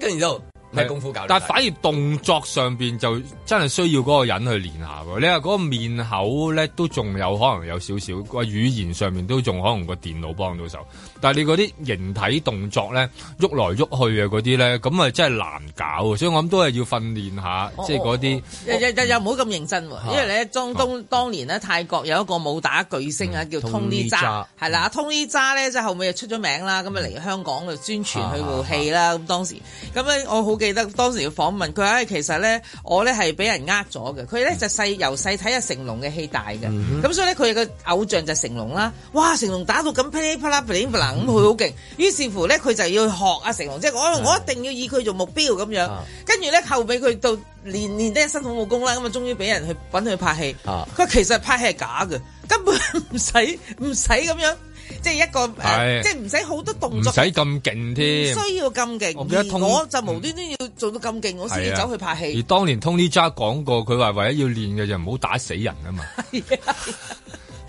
Speaker 1: 跟住就。 係功夫教，但係反
Speaker 2: 而動作上邊就真係需要嗰個人去練下喎。你話嗰個面口咧都仲有可能有少少，個語言上面都仲可能個電腦幫到手。但係你嗰啲形體動作咧，喐來喐去嘅嗰啲咧，咁啊真係難搞，所以我諗都係要訓練下，即係嗰啲。Oh,
Speaker 3: oh, oh, oh，又又唔好咁認真，因為你中當當年咧，泰國有一個武打巨星啊，uh? 叫通伊渣，係啦，通伊渣咧，即係後尾又出咗名啦。咁啊嚟香港就宣傳佢部戲啦。咁、uh uh. 當時咁咧、嗯，我好。記得當時要訪問，佢咧其實咧，我咧係俾人呃咗嘅。佢咧就細由細睇阿成龍嘅戲大嘅，咁、嗯、哼所以咧佢嘅偶像就成龍啦。哇，成龍打到咁噼里啪啦噼里啪啦咁，佢好勁。於是乎咧，佢就要學阿成龍，即係我的我一定要以佢做目標咁樣。跟住咧後俾佢到年年都啲新功夫功啦，咁啊終於俾人去揾佢拍戲。佢、啊、其實拍戲係假嘅，根本唔使唔使咁樣。即係一個誒，唉即係唔使好多動作，唔使
Speaker 2: 咁勁添，唔需
Speaker 3: 要咁勁。我，我就無端端要做到咁勁，嗯、我先至走去拍戲。而
Speaker 2: 當年 Tony Jaa 講過，佢話唯一要練嘅就唔好打死人啊嘛。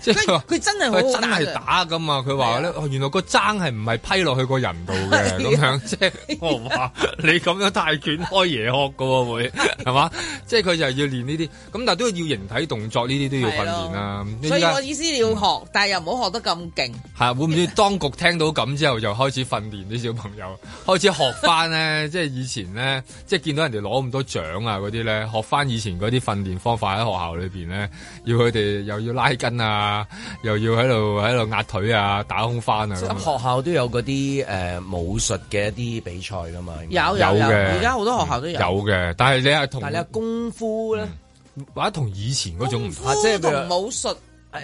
Speaker 5: 即佢真係真係打
Speaker 2: 噶嘛？佢話咧，原來個爭係唔係批落去個人度嘅咁樣，即係我話你咁樣太卷開野學噶會係嘛？即係佢就係要練呢啲，咁但係都要形體動作呢啲都要訓練啦。所以我意
Speaker 3: 思你要學，但係又唔好學得咁勁。
Speaker 2: 係會唔會當局聽到咁之後，就開始訓練啲小朋友，開始學翻咧？即係以前咧，即係見到人哋攞咁多獎啊嗰啲咧，學翻以前嗰啲訓練方法喺學校裏邊咧，要佢哋又要拉筋啊。啊！又要喺度喺度壓腿啊，打
Speaker 1: 空翻啊！咁學校都有嗰啲誒武術嘅一啲比賽噶嘛？有的有嘅的，而家好多學校都有、嗯。有嘅，但係你係同你
Speaker 2: 功夫咧、嗯，或者同以前
Speaker 1: 嗰種唔同。功夫 啊、即係武術誒，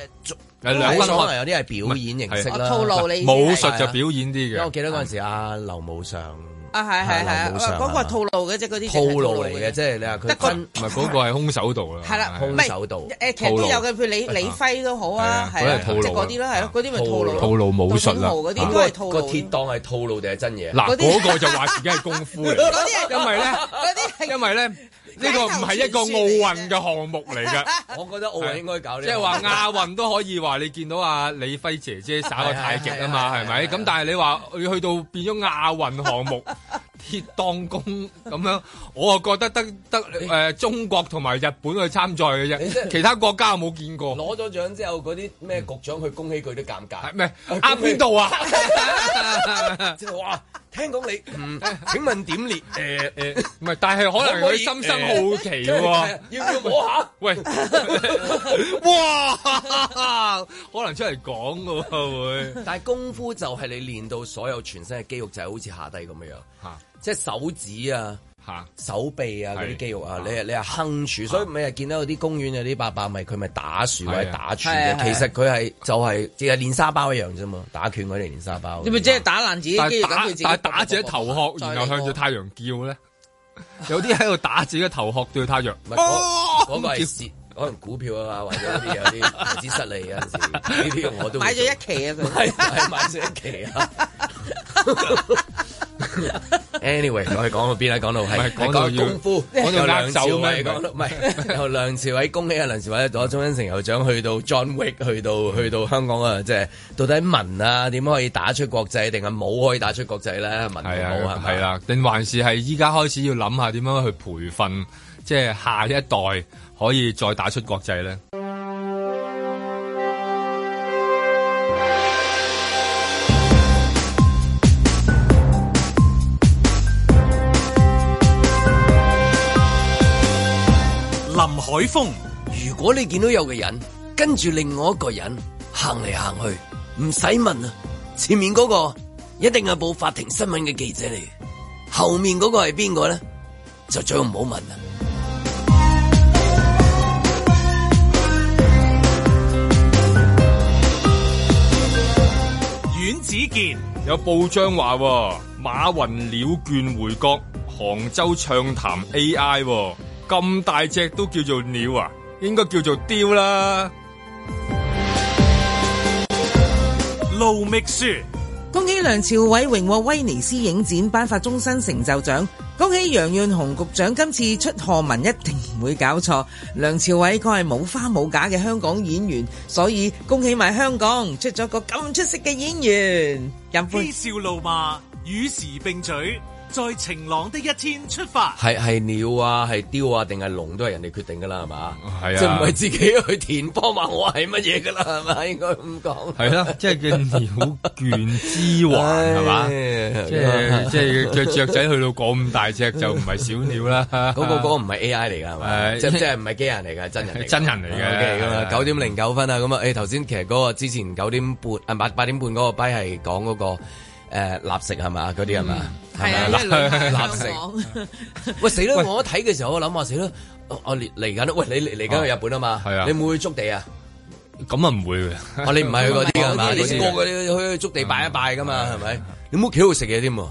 Speaker 1: 兩間學校有啲係表演形式啦。套路、啊、你武術就表演啲嘅。因為我記得嗰陣時阿劉、嗯、武常。
Speaker 3: 啊，係係係啊，嗰個係套路嘅啫，嗰啲套路嚟
Speaker 2: 嘅，即係你話佢唔係嗰個係空手道啊，係啦，空手道誒，
Speaker 3: 其實都有嘅，譬如李李輝都好啊，係啊，嗰啲套路啊，套路
Speaker 2: 套路武術啊，嗰啲都
Speaker 1: 係套路。個鐵檔係套路定係真嘢？嗱，嗰個就話自己係功夫嘅，嗰啲係因為咧，嗰啲係因為咧。呢個唔係一個奧運嘅項目嚟嘅，我覺得奧運應該搞呢啲。即係話亞
Speaker 2: 運都可以話你見到阿李輝姐姐耍個太極啊嘛，係咪？咁但係你話去去到變咗亞運項目鐵當工咁樣，我啊覺得得得誒中國同埋日本去參賽嘅啫，其他國家我冇見過。攞
Speaker 1: 咗獎之後嗰啲咩局長去恭喜佢都尷尬，咩啊邊度啊？即係話。聽講你，嗯，請問點練？誒
Speaker 2: 誒、 欸，唔、欸、係，但係可能佢心生好奇喎、啊， 要要摸下。喂，
Speaker 5: 哇，
Speaker 1: 可能出嚟講噶會，但係功夫就係你練到所有全身嘅肌肉就係好似下低咁樣樣，啊、即係手指啊。手臂啊，嗰啲肌肉啊，你啊，你啊，夯住，所以每日見到有啲公園有啲伯伯咪佢咪打樹或者打柱嘅，其實佢係就係即係練沙包一樣啫嘛，打拳嗰啲練沙包。
Speaker 3: 你咪即係打爛自己嘅肌肉打打自己頭
Speaker 1: 殼，然後向住太陽叫
Speaker 2: 咧。有啲喺度打自己頭殼對太陽。嗰個係可能股
Speaker 1: 票啊，或者有啲投資失利啊。呢
Speaker 2: 啲我都買咗一
Speaker 1: 期啊，佢買咗一期啊。 Anyway，我哋講到邊啦？講到係講功夫，兩手有梁朝偉，講到唔係 由梁朝偉，恭喜阿梁朝偉，到咗中央城酋長去到 John Wick，去到去到香港啊！即、就、係、是、到底文啊，點樣可以打出國際？定係武可以打出國際咧？文係啊，係啦吧，定、啊、還是係依
Speaker 2: 家開始要諗下點樣去培訓，即、就、係、是、下一代可以再打出國際咧？
Speaker 1: 林海峰，如果你見到有個人跟住另外一個人行嚟行去，唔使問啊，前面嗰個一定係報法庭新聞嘅記者嚟，後面嗰個係邊個咧，就最好唔好問啊。
Speaker 2: 阮子健有報章話，馬云倦鳥回國，杭州暢談 AI。咁大隻都叫做鳥啊，應該叫做雕啦。盧覓
Speaker 3: 雪，恭喜梁朝偉榮獲威尼斯影展頒發終身成就獎。恭喜楊潤雄局長，今次出賀文一定唔會搞錯。梁朝偉佢係冇花冇假嘅香港演員，所以恭喜埋香港出咗個咁出色嘅演員。任
Speaker 4: 歡笑怒罵，與時並取。在晴朗的一
Speaker 1: 天出發，係係鳥啊，係雕啊，定係龍、啊、都係人哋決定噶啦，係嘛？係是啊，啊，即唔係自己去填波猛我係乜嘢噶啦？係咪 唉 吧？應該咁講。係啦，即係叫鳥
Speaker 2: 倦
Speaker 5: 之王」，係嘛？即係即係雀雀仔
Speaker 2: 去到咁大隻
Speaker 1: 就唔係小鳥啦。嗰、 那個唔係 AI 嚟㗎，係、那、咪、
Speaker 2: 個？ 即即唔係機人嚟㗎？真人。 真人
Speaker 1: 嚟㗎，OK 九點零九分啊，咁啊、 欸，誒頭先其實嗰個之前九點半啊八八點半嗰個碑係講嗰、那個。誒立，呃、食係嘛，嗰啲係嘛，係啊立立食，喂死啦喂！我一睇嘅時候，我諗話死啦！我我嚟緊喂，你嚟嚟緊去日本啊嘛，啊啊，你冇去築地啊？咁啊唔會嘅，啊你唔係去嗰啲㗎嘛？你過嗰啲去築地拜一拜㗎嘛，係咪，嗯？啊啊啊，你冇幾好食嘅添喎？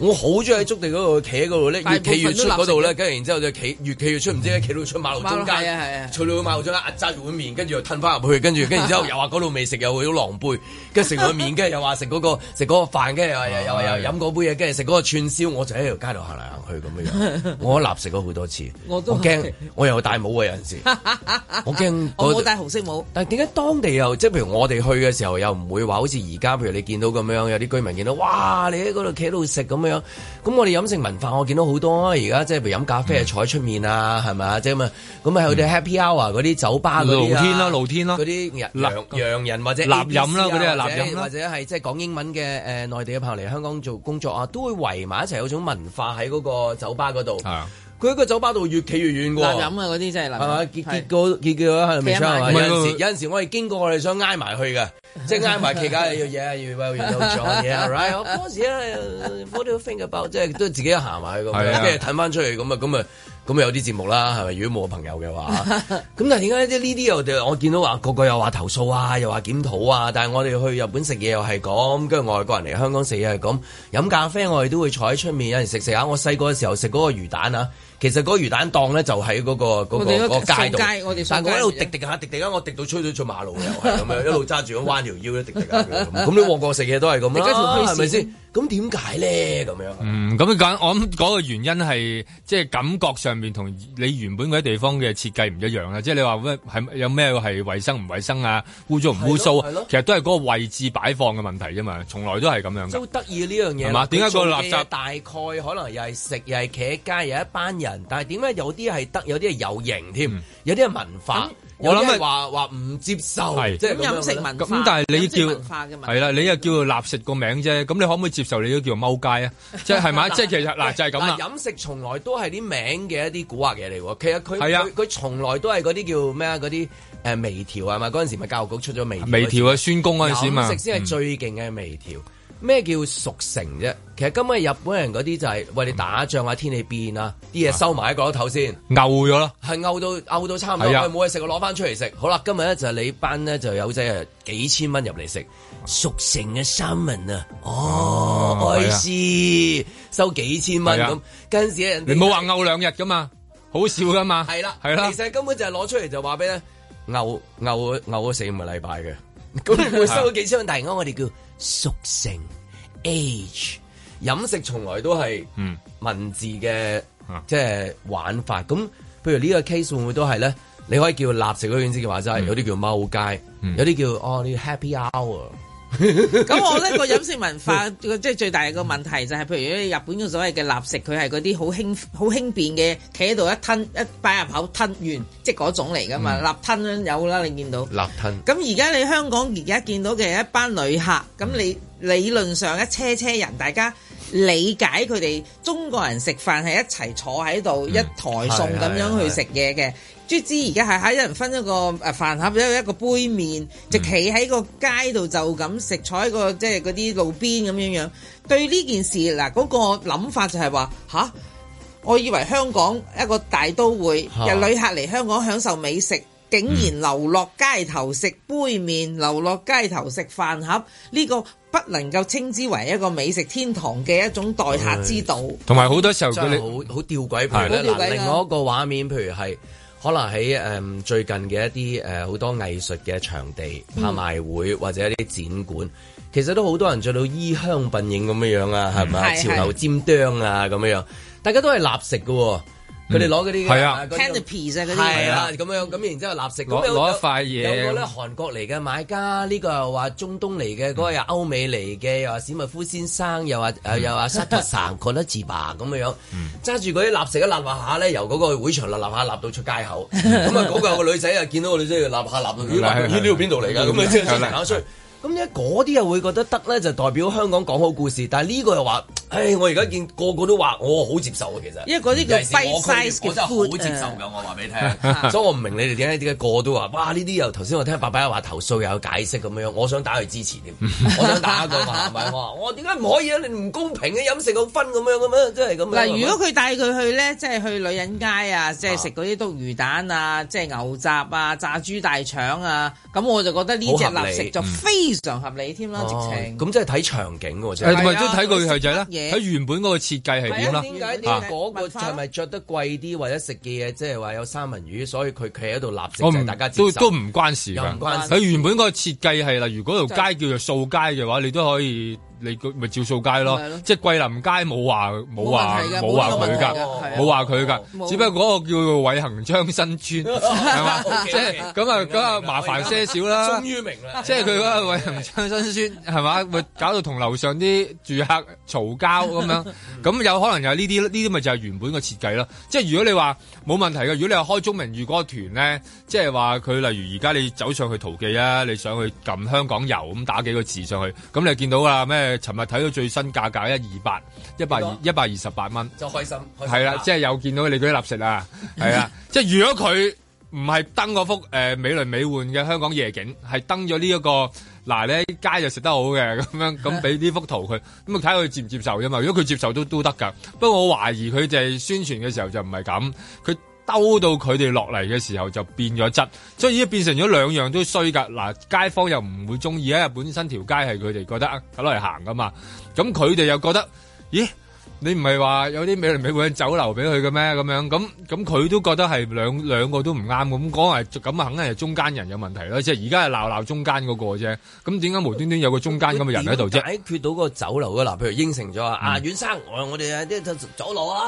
Speaker 1: 我好中意喺築地嗰度企喺嗰度咧，企越出嗰度咧，跟住然之後就企越企越出，唔知企到出馬路中間，隨到會壓揸住碗麵，跟住又吞翻入去，跟住跟然之後又話嗰度未食又會好狼狽，跟住食碗麵，跟住又話食嗰個食嗰個飯，跟住又又又飲嗰杯嘢，跟住食嗰個串燒，我就喺條街度行嚟行去咁樣，我立食咗好多次，我都驚，我又戴帽啊，有陣時，我驚我戴紅色帽，但係點解當地又即譬如我哋去嘅時候又唔會話好似而家譬如你見到咁樣有啲居民見到哇你喺嗰度企到。食咁樣，咁我哋飲食文化，我見到好多而家即係譬如飲咖啡啊，坐喺出面啊，係咪啊？即係咁啊，咁啊，佢哋 Happy Hour 嗰啲酒吧嗰啲露天咯，露天咯，嗰啲洋人或者，立飲啦嗰啲啊，立飲或者係即係講英文嘅誒內地嘅朋友嚟香港做工作啊，都會圍埋一齊有種文化喺嗰個酒吧嗰度。佢喺個酒吧度越企越遠喎。立飲啊嗰啲真係，係嘛？結結過結過有陣時我哋經過我哋想挨埋去嘅。即係挨埋其他嘅嘢，要唯有有創嘅嘢，right？嗰時咧，what do you think about？It? 即係都自己行埋去咁樣， 樣，樣，咩褪翻出嚟咁啊，咁啊～咁有啲節目啦，係咪？如果冇朋友嘅話，咁但係點解呢啲我見到話個個又話投訴啊，又話檢討啊。但係我哋去日本食嘢又係咁，跟住外國人嚟香港食嘢係咁。飲咖啡我哋都會坐喺出面，有人食食下。我細個嘅時候食嗰個魚蛋啊，其實嗰個魚蛋檔咧就喺嗰、嗰個嗰個嗰個街度，我，上街上街我一路滴滴下滴滴，我滴到吹咗出馬路又係咁樣 一路揸住咁彎條腰一滴滴下咁。你旺角食嘢都係咁啦，係咪先、啊？咁點解咧？咁樣嗯，咁樣講，我諗嗰個
Speaker 2: 原因係即係感覺上面同你原本嗰啲地方嘅設計唔一樣啦。即係你話會係有咩係衞生唔衞生啊？污糟唔污糟？其實都係嗰個位置擺放嘅問題啫嘛，從來都係咁樣嘅。都
Speaker 1: 得意呢樣嘢係嘛？點解個垃圾大概可能又係食又係企喺街又一班人，但係點解有啲係得，有啲係有型添，嗯、有啲係文化。嗯我諗係話話唔接受，係即係飲食文化咁，但係你叫文化嘅係啦，你
Speaker 2: 又叫佢立食個名啫。咁你可唔可以接受？你都叫踎街啊？即係係咪？即係其實嗱，就係咁啦。飲
Speaker 1: 食從來都係啲名嘅一啲古惑嘢嚟。其實佢佢佢從來都係嗰啲叫咩啊？嗰啲誒微調啊嘛。嗰陣時咪教育局出咗微微調啊，孫公嗰陣時嘛。食先係最勁嘅微調。咩叫熟成啫？其實今日日本人嗰啲就係喂你打仗啊，天氣變啊、啲嘢收埋喺角落頭先，漚咗啦，係漚到漚到差唔多，冇嘢食，攞翻出嚟食。好啦，今日咧就係你班咧就有只幾千蚊入嚟食熟成嘅三文啊！哦，係啊，收幾千蚊咁，跟住你冇話漚兩日噶嘛，好笑噶嘛，係啦係啦，其實根本就係攞出嚟就話俾你漚漚漚咗四五個禮拜嘅。咁 會收到幾千蚊大安，我哋叫熟成 age。飲食從來都係文字嘅、嗯、即係玩法。咁譬如呢個 case 會唔會都係咧？你可以叫立食嗰段先話齋，有啲叫踎街，有啲叫哦你叫 happy hour。
Speaker 3: 咁 我呢，這個飲食文化即係最大個問題就係，是譬如日本嘅所謂嘅立食，佢係嗰啲好輕好輕便嘅，企喺度一吞一擺入口吞完，即係嗰種嚟㗎嘛，立，嗯、吞有啦，你見到。立納吞。咁而家你香港而家見到嘅一班旅客，咁你理論上一車車人，大家理解佢哋中國人食飯係一齊坐喺度，嗯、一台餸咁樣去食嘢嘅。知知而家係喺一人分一個誒飯盒，一個一個杯麵，就企喺個街度就咁食，坐喺個即係嗰啲路邊咁樣樣。對呢件事嗱，嗰個諗法就係話吓，我以為香港一個大都會，嘅哈旅客嚟香港享受美食，竟然流落街頭食杯麵，嗯、流落街頭食飯盒，呢個不能夠稱之為一個美食天堂嘅一種待客之道。同埋好多時候
Speaker 1: 佢哋好好吊詭牌啦。嗱的，另外一個畫面，譬如係。可能喺誒、嗯、最近嘅一啲誒好多藝術嘅場地拍賣會或者一啲展館，嗯、其實都好多人著到衣香鬢影咁樣樣啊，係咪？嗯、吧潮流尖端啊咁樣，大家都係立食㗎、哦。佢哋攞嗰啲嘅，係啊，啲係啊，咁樣咁然之後垃圾攞攞一塊嘢，有個韓國嚟嘅買家，呢個又話中東嚟嘅，嗰個又歐美嚟嘅，又話史密夫先生，又話又話神覺得自白咁樣樣，揸住嗰啲垃圾一立下下咧，由嗰個會場立下立到出街口，咁啊嗰個女仔啊見到個女仔立下立到，咦呢度邊度嚟㗎？咁啊真係搞咁咧嗰啲又會覺得得咧，就代表香港講好故事。但係呢個又話，唉，我而家見個個都話，我好接受啊，其實。因為嗰啲叫 bite size。我真係好接受㗎，我話俾你聽。所以我唔明你哋點解個個都話，哇呢啲又頭先我聽爸爸話投訴又有解釋咁樣，我想打去支持我想打個話，話我點解唔可以啊？你唔公平嘅飲食個分咁樣咁樣，即係咁。嗱，如果佢
Speaker 3: 帶佢去咧，即係去女人街啊，即係食嗰啲督魚蛋啊，即係牛雜啊，炸豬大腸啊，咁我就覺得呢隻垃圾就非。非
Speaker 2: 常合理添啦，直情咁即係睇場景㗎啫，係咪都睇佢，細仔咧？喺原本嗰個設計係點啦？點解
Speaker 1: 嗰個係咪着得貴啲，或者食嘅嘢即係話有三文魚，所以佢企喺度立我正，大家知。都唔
Speaker 2: 關事㗎，佢原本嗰個設計係啦。如果條街叫做掃街嘅話，你都可以。你咪照素街咯，即係桂林街冇話冇話冇話佢㗎，冇話佢㗎，只不過嗰個叫做偉恒昌新村係嘛？即係咁啊咁啊麻煩些少啦。終於
Speaker 1: 明啦，即係佢嗰個偉恒
Speaker 2: 昌新村係嘛，會搞到同樓上啲住客嘈交咁樣，咁有可能又係呢啲呢啲咪就係原本嘅設計咯。即係如果你話冇問題嘅，如果你係開中明裕嗰個團咧，即係話佢例如而家你走上去陶記啊，你上去撳香港遊咁打幾個字上去，咁你係見到啊咩？誒，尋日睇到最新價格，一二八，一百二一百二十八蚊，就開
Speaker 1: 心，係啦，即係
Speaker 2: 又見到你嗰啲垃圾食啊，係啊， 即係如果佢唔係登嗰幅誒、呃、美輪美奐嘅香港夜景，係登咗呢一個，嗱你喺街就食得好嘅咁樣，咁俾呢幅圖佢，咁啊睇下佢接唔接受啫嘛，如果佢接受都都得㗎，不過我懷疑佢就係宣傳嘅時候就唔係咁，佢。收到佢哋落嚟嘅時候就變咗質，所以已經變成咗兩樣都衰噶。嗱、啊，街坊又唔會中意啊，本身條街係佢哋覺得係嚟行噶嘛，咁佢哋又覺得，咦？你唔係話有啲美人美匯酒樓俾佢嘅咩？咁樣咁，咁佢都覺得係兩兩個都唔啱，咁講啊咁啊，肯定係中間人有問題啦，即係而家係鬧鬧中間嗰個啫。咁點解無端端有個中間咁嘅人喺
Speaker 1: 度啫？點解決到個酒樓啊？嗱，譬如應承咗啊，阿遠生，我哋啊啲酒樓啊，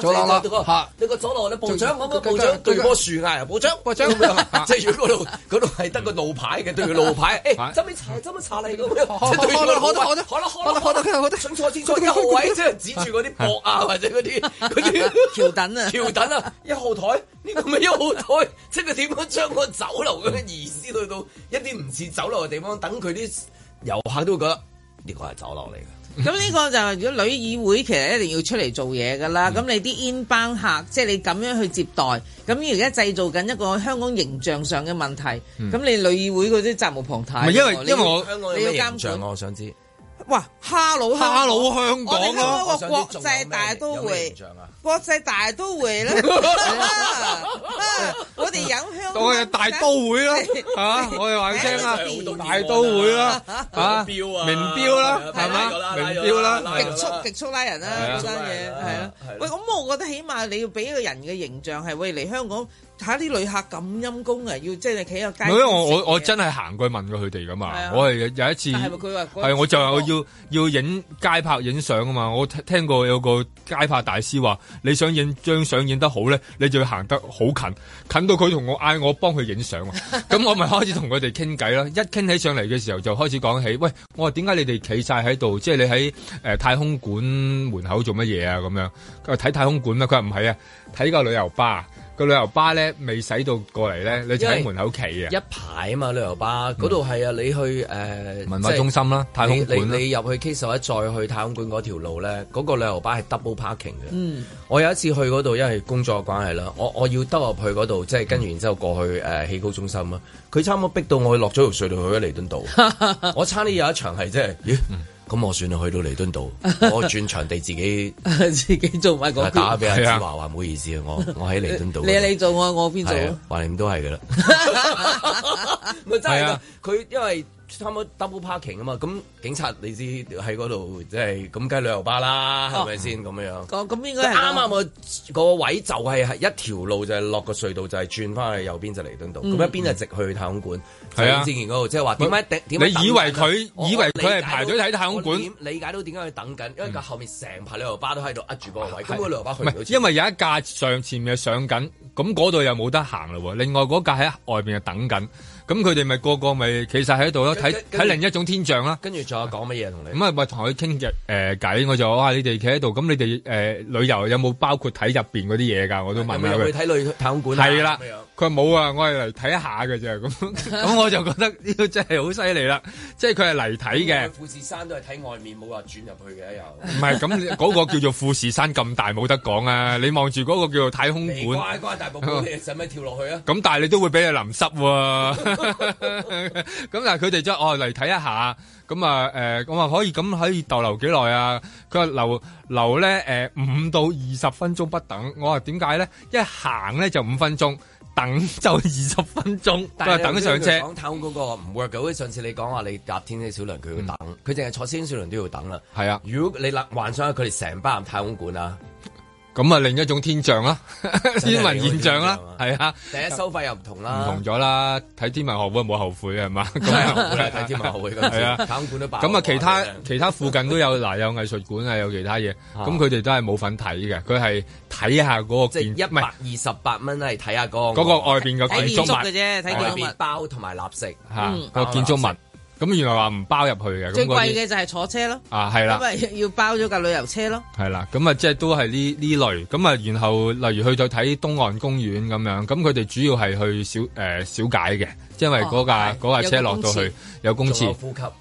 Speaker 1: 你個酒樓你部長，我個部長對棵樹啊，部長部長，即係要嗰度嗰度係得個路牌嘅，對個路牌，誒，執咩查執咩查嚟咁？開開開開啊，或者嗰啲嗰啲調等啊，調等啊，一號台呢個咪一號台，這個、號台 即係點樣將個酒樓嘅意思去到一啲唔似酒樓嘅地方，等佢啲遊客都會覺得呢個係酒樓嚟
Speaker 3: 嘅。咁呢 個就係如果旅議會其實一定要出嚟做嘢噶啦。咁、嗯、你啲 inbound 客，即係你咁樣去接待，咁而家製造緊一個香港形象上嘅問題。咁、嗯、你旅議會嗰啲責無旁貸。因為因為我香港有咩形象，我想知。哇！哈佬，哈佬，香港個國際大都會。國際大都會啦，我哋飲香。我係
Speaker 2: 大都會啦，嚇！我哋話你聽啊！大都會啦，嚇！標啊，名標啦，係咪？名標啦，極速
Speaker 3: 極速拉人啦，嗰單嘢係咯。喂，咁我覺得起碼你要俾一個人嘅形象係喂嚟香港睇下啲旅客咁陰功啊，要即係企
Speaker 5: 喺街。因為我我我
Speaker 2: 真係行過問過佢哋噶嘛，我係有一次，
Speaker 5: 係我就有要
Speaker 2: 要影街拍影相啊嘛。我聽過有個街拍大師話。你想影張相影得好咧，你就要行得好近。近到佢同我嗌，我幫佢影相，咁我咪開始同佢哋傾偈咯。一傾起上嚟嘅時候，就開始講起，喂，我話，點解你哋企晒喺度？即係你喺誒、呃、太空館門口做乜嘢啊？咁樣佢話睇太空館啦，佢話唔係啊，睇個旅遊巴。去旅遊巴咧，未使到過嚟咧，你就喺門口企啊！一
Speaker 1: 排啊嘛，旅遊巴嗰度係啊，你去誒，文化中心啦，太空館你你入去 K 十一再去太空館嗰條路咧，嗰、嗰個旅遊巴係 double parking 嘅。
Speaker 5: 嗯、
Speaker 1: 我有一次去嗰度，因為工作關係啦，我我要兜入去嗰度，即係跟住然之後過去誒、啟、呃、高中心啦。佢差唔多逼到我落咗條隧道去咗彌敦道。 我差啲有一場係真係。呃 咁我算啦，去到彌敦道，我轉場地自己，自己做埋個打俾阿子華，話唔好意思啊，我我喺彌敦道。你你做我我邊做，話你都係噶啦，咪 真係的，佢的因為。差唔多 double parking 啊嘛，咁警察你知喺嗰度即係咁，梗係旅遊巴啦，係咪先咁樣？咁咁應該啱啱個個位就係一條路就係落個隧道就係轉翻去右邊就彌敦道，咁一邊就直去太空館。係啊，之前度即係話點解點？你以為佢以為佢係排隊睇太空館？理解到點解佢等緊，因為佢後面成排旅遊巴都喺度呃住嗰個位。咁旅遊巴佢因為
Speaker 2: 有一架上前面上緊，咁嗰度又冇得行嘞。另外嗰架喺外邊又等緊。咁佢哋咪個個咪企曬喺度咯，睇睇另一種天象啦。跟住
Speaker 1: 仲有講乜嘢同
Speaker 2: 你？咁啊，咪同佢傾嘅誒偈，我就啊，你哋企喺度。咁你哋誒、呃、旅遊有冇包括睇入邊嗰啲嘢噶？我都問佢。睇太
Speaker 1: 空館啊？係啦。
Speaker 2: 佢話冇啊！我係嚟睇一下嘅啫。咁咁，我就覺得呢個真係好犀利啦。即係佢係嚟睇嘅富
Speaker 1: 士山都係睇外面，冇話轉入去嘅，又唔係咁，
Speaker 2: 嗰個叫做富士山咁大，冇得講啊！你望住嗰個叫做太空館，奇怪
Speaker 1: 怪大瀑布，你使唔使跳落去啊？
Speaker 2: 咁但係你都會俾你淋濕喎。咁但係佢哋就哦嚟睇一下咁啊。誒，我話可以咁可以逗留幾耐啊？佢話留留咧誒五到二十分鐘不等。我話點解咧？一行咧就五分鐘。等就二十分鐘，佢話等上車。如如太
Speaker 1: 空嗰個唔 work 嘅。好似上次你講話你搭天星小輪，佢要等，佢淨係坐先小輪都要等啦。係啊、嗯，如果你幻想下佢哋成班入太空館啊！
Speaker 2: 咁啊，另一種天象啦，天文現象啦，係啊，
Speaker 1: 第一收費又唔同啦，唔同
Speaker 2: 咗啦，睇天文學會冇後悔啊，係嘛？睇天文學會咁，產咁啊，其他其他附近都有嗱，有藝術館啊，有其他嘢，咁佢哋都係冇份睇嘅，佢係睇下嗰個即係一
Speaker 1: 百二十八蚊係睇下嗰個嗰個外
Speaker 2: 邊嘅建築物嘅啫，睇外邊
Speaker 1: 包同埋立食，嗰個建築物。
Speaker 2: 咁原來話唔包入去嘅，最貴嘅
Speaker 1: 就係坐車
Speaker 3: 咯，
Speaker 2: 啊係啦，咁咪
Speaker 3: 要包咗架旅遊車咯，
Speaker 2: 係啦，咁啊即係都係呢呢類咁啊。然後例如去到睇東岸公園咁樣，咁佢哋主要係去小誒、呃、小解嘅，即係因為嗰架嗰架車落到去有公，有公廁。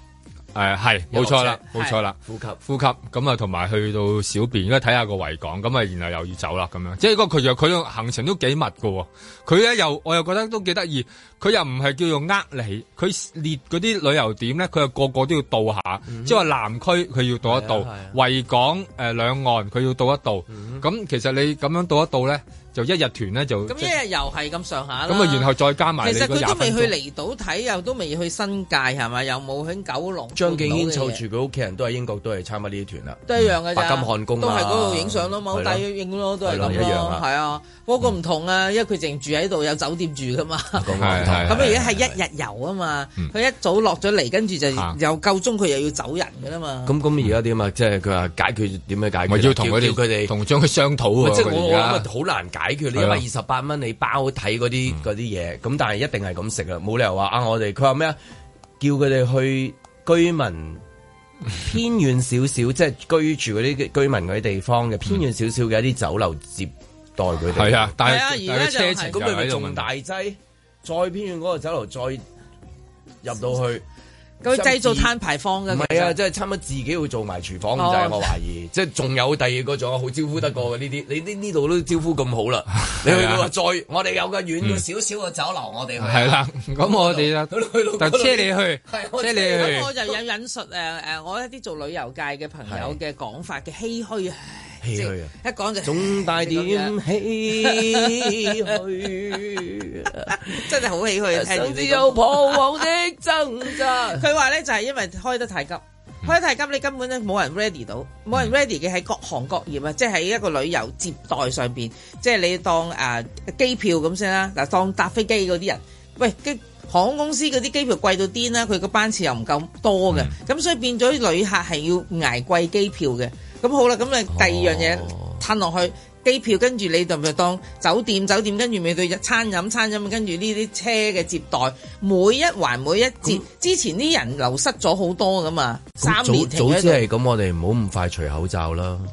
Speaker 2: 誒，係冇錯啦，冇錯啦，呼吸呼吸，咁啊，同埋去到小便，應該睇下個維港，咁啊，然後又要走啦，咁樣，即係個佢佢行程都幾密噶，佢咧又我又覺得都幾得意，佢又唔係叫做呃你，佢列嗰啲旅遊點咧，佢又個個都要到下，即係話南區佢要到一度，維港誒兩岸佢要到一度，咁、嗯、哼其實你咁樣到一度咧。就一日團咧，就咁一日
Speaker 3: 遊係咁上下咁啊，然後
Speaker 2: 再加埋其實佢都未去離
Speaker 3: 島睇，又都未去新界係咪？又冇喺九龍，張敬軒湊住
Speaker 1: 佢屋企人都喺英國，都係參加呢啲團啦，都一樣嘅啫，白金漢宮都係嗰度影相咯，踎低影咯，都係咁咯，
Speaker 3: 一樣係啊，嗰個唔同啊，因為佢淨住喺度有酒店住噶嘛，咁而家係一日遊啊嘛，佢一早落咗嚟，跟住就又夠鐘，佢又要走人噶啦嘛。
Speaker 1: 咁咁而家點啊？即係佢話解決點樣解決？要同佢哋同將佢商討啊！即係我我咪好難解。解決你一百二十八蚊，你包睇嗰啲啲嘢，咁、嗯、但係一定係咁食啦，冇理由話啊！我哋佢話咩啊？叫佢哋去居民偏遠少少， 即係居住嗰啲居民嗰啲地方嘅偏遠少少嘅一啲酒樓接待佢哋。係、嗯、啊，但係而家就係、是、咁，佢咪仲大劑，再偏遠嗰個酒樓，再入到去。佢製造碳排放嘅，唔係啊！即係差唔多自己會做埋廚房就係，我、哦、懷疑。即係仲有第二個仲好招呼得過嘅呢啲，你呢呢度都招呼咁好啦。 對啊、你去話再，我哋有個遠、嗯、少少嘅酒樓，我哋去。係啦、啊，咁、嗯、我哋啦，即係 你去，即 是你去、 嗯。我就
Speaker 3: 引引述誒誒，uh, 我一啲做旅遊界嘅朋友嘅講法嘅唏噓 唏噓啊！嘻嘻一講就總帶點唏噓，真係好唏噓啊！甚至有破網的掙扎。佢話咧就係因為開得太急，嗯、開得太急你根本咧冇人 ready 到，冇人 ready 嘅喺各行各業啊，嗯、即係喺一個旅遊接待上邊，即係你當誒機、啊、票咁先啦。嗱，當搭飛機嗰啲人，喂，航空公司嗰啲機票貴到癲啦，佢個班次又唔夠多嘅，咁、嗯嗯、所以變咗旅客係要捱貴機票嘅。咁好啦，咁你第二樣嘢褪落去，機票，跟住你就咪當酒店，酒店，跟住咪對入餐飲，餐飲，跟住呢啲車嘅接待，每一環每一節，那之前啲人流失咗好多㗎嘛，那三年停喺度。早知係
Speaker 1: 咁，我哋唔好咁快除口罩啦。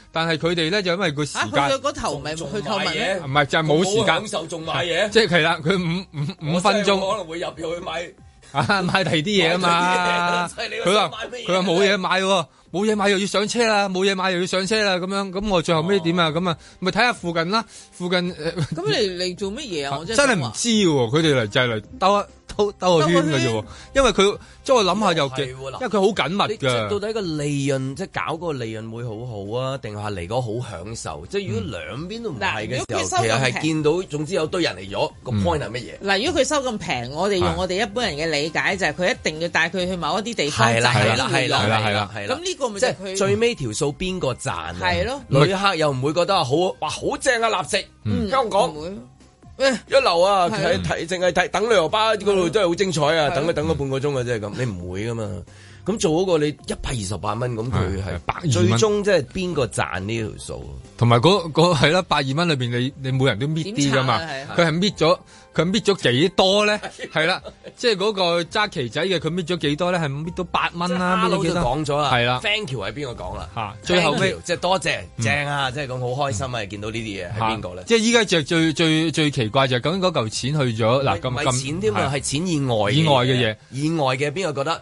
Speaker 2: 但係佢哋咧就因為佢時間吓去
Speaker 3: 到咪去購物，唔係就係冇
Speaker 2: 時間享受，仲買嘢，即係啦。佢五五五分鐘，
Speaker 1: 可能會入去買
Speaker 2: 啊，買第啲嘢啊嘛。佢話佢話冇嘢買，冇嘢買又要上車啦，冇嘢買又要上車啦。咁樣咁我最後尾點啊？咁啊，咪睇下附近啦，附近咁你
Speaker 1: 嚟做乜嘢啊？真係唔
Speaker 2: 知喎，佢哋嚟就係嚟兜啊。兜兜個圈㗎啫，
Speaker 1: 因為佢即係我諗下又，因為佢好緊密嘅。到底個利潤即係搞個利潤會好好啊？定係嚟講好享受？即係如果兩邊都唔係嘅時候，其實係見到總之有堆人嚟咗個 point 係乜嘢？
Speaker 3: 嗱，如果佢收咁平，我哋用我哋一般人嘅理解
Speaker 1: 就係佢一定要帶佢去某一啲地方。係啦係啦係啦係啦係啦。咁呢個咪即係佢最尾條數邊個賺？係咯，旅客又唔會覺得話好哇好正啊！立直，香港。一流啊，睇睇淨係睇等旅遊巴嗰度都係好精彩啊！的等佢等咗半個鐘啊，即係咁，你唔會噶嘛？咁 做嗰個你一百二十八蚊，咁佢係百二蚊，最終即係邊個賺呢條數？
Speaker 2: 同埋嗰嗰係啦，百二蚊裏邊你你每人都搣啲噶嘛？佢係搣咗。佢搣咗幾多咧？係啦，即係嗰個揸旗仔嘅，佢搣咗幾多咧？係搣到八蚊啦，咩都講咗啦，係啦。
Speaker 1: Thank you 係邊個講啦？嚇，最後尾即係多謝，正啊！即係咁好開心啊，見到呢啲嘢係邊個咧？
Speaker 2: 即係依家就最最最奇怪就係究竟嗰嚿錢去咗嗱咁咁，錢添啊，係錢以外以外嘅嘢，
Speaker 1: 以外
Speaker 3: 嘅邊個覺得？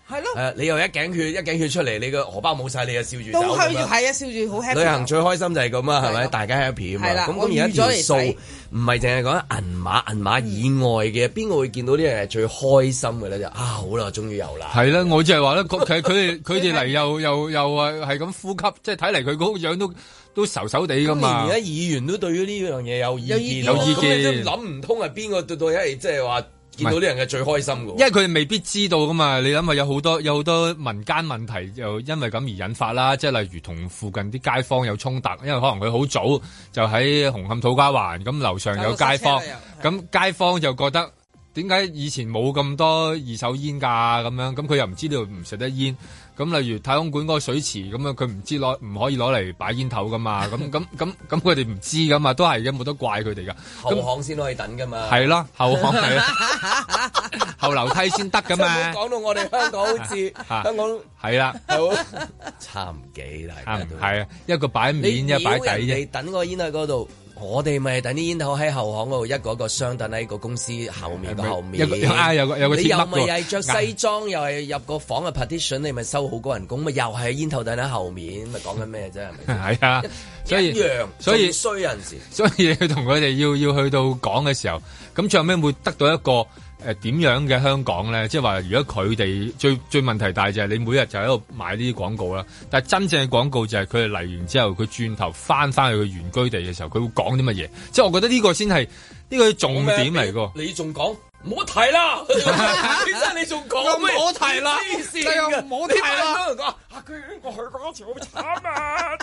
Speaker 1: 係咯，誒你又一頸血一頸血出嚟，你個荷包冇晒。你又笑住走啊，笑
Speaker 3: 住好 happy。旅行最
Speaker 1: 開心就係咁啊，係咪的？大家 happy 咁嘛的！咁而家條數馬，唔係淨係講銀碼，銀碼以外嘅，邊個、嗯、會見到啲人係最開心嘅咧？就啊，好啦，終於有啦！
Speaker 2: 係啦，我就係話咧，佢佢哋佢哋嚟又又又啊，係咁呼吸，即係睇嚟佢嗰個樣都都愁愁地噶嘛。而家
Speaker 1: 議員都對於呢樣嘢有意見，有意見。咁諗唔通係邊個對對係即係話？就是見到啲人係最開心喎，因
Speaker 2: 為佢哋未必知道噶嘛。你諗下，有好多有好多民間問題就因為咁而引發啦。即係例如同附近啲街坊有衝突，因為可能佢好早就喺紅磡土瓜灣咁，樓上有街坊，咁街坊就覺得點解以前冇咁多二手煙噶，咁樣，咁佢又唔知道唔食得煙。咁例如太空館嗰個水池咁啊，佢唔知攞唔可以攞嚟擺煙頭噶嘛？咁咁咁咁，佢哋唔知噶嘛，都係而家冇得怪佢哋噶。
Speaker 1: 後巷先可以等噶嘛？係
Speaker 2: 咯那，後巷係 後樓梯先得噶嘛？講
Speaker 1: 到我哋香港好似的香港係啦，的好差唔幾
Speaker 2: 啦，差唔多係啊，一個擺面，一擺表底啫。你
Speaker 1: 等個煙喺嗰度。我哋咪等啲煙頭喺後巷嗰度，一個一個箱等喺個公司後面個後面。有個有個。有個有個有個你又咪又係着西裝，嗯、又係入個房嘅 partition 你咪收好高人工，咪又係煙頭等喺後面，咪講緊咩啫？係咪？
Speaker 2: 係啊，所以一樣，所以衰人陣時，所以你同佢哋要要，要去到講嘅時候，咁最後尾會得到一個。誒點樣嘅香港咧？即係話，如果佢哋最最問題大就係你每日就喺度買呢啲廣告啦。但係真正嘅廣告就係佢嚟完之後，佢轉頭翻翻去佢原居地嘅時候，佢會講啲乜嘢？即係我覺得呢個先係呢個係重點嚟嘅。你仲講？
Speaker 1: 唔好提啦！
Speaker 5: 點解你仲講咩？唔好提啦！黐線嘅，唔好提啦！提你啊，
Speaker 1: 佢我去過一次好慘啊，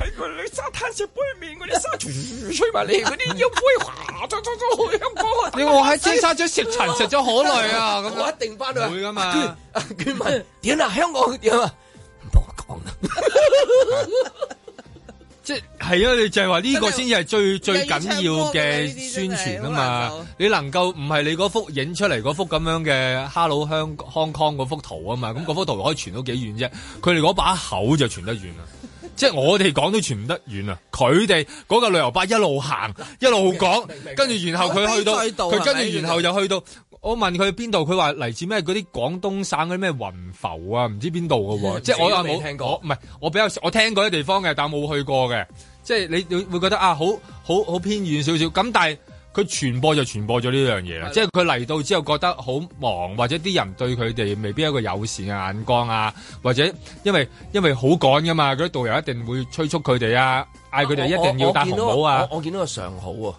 Speaker 5: 喺佢啲
Speaker 1: 沙灘食杯麵，嗰啲沙柱吹埋你，嗰啲腰杯嘩，嘩嘩嘩去香港。你話我喺尖沙咀食塵食咗好耐啊，咁我一定翻去。會噶嘛？佢、啊啊、問點啊？香港點啊？唔同 我講啦。
Speaker 5: 即
Speaker 2: 係啊！你就係話呢個先至係最最緊要嘅宣傳啊嘛！你能夠唔係你嗰幅影出嚟嗰幅咁樣嘅哈佬香 Hong Kong 嗰幅圖啊嘛？咁嗰幅圖可以傳到幾遠啫？佢哋嗰把口就傳得遠啦！ 即係我哋講都傳唔得遠啊！佢哋嗰個旅遊巴一路行 一路講，跟住然後佢去到，佢跟住然後又去到。我問佢邊度？佢話嚟自咩嗰啲廣東省嗰啲咩雲浮啊，唔知邊度嘅喎，嗯、即係我話冇聽過，唔係我，我，我比較我聽過啲地方嘅，但係冇去過嘅，即係你會會覺得啊，好好好偏遠少少。咁但係佢傳播就傳播咗呢樣嘢啦，嗯、即係佢嚟到之後覺得好忙，或者啲人對佢哋未必有一個友善嘅眼光啊，或者因為因為好趕嘅嘛，嗰啲導遊一定會催促佢哋啊，嗌佢哋一定要戴紅帽啊。我，我，我，我見到
Speaker 1: 我，我見到常好啊。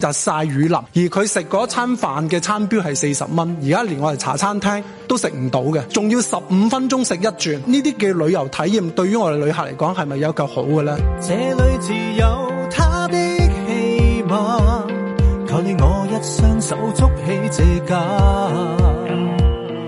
Speaker 2: 日曬雨淋，而佢食嗰餐飯嘅餐標係四十蚊，而家連我哋茶餐廳都食唔到嘅，仲要十五分鐘食一轉，呢啲嘅旅遊體驗對於我哋旅客嚟講係咪有夠好嘅咧？
Speaker 4: 這
Speaker 6: 裏自有他的戲碼，求你我一雙手捉起這家。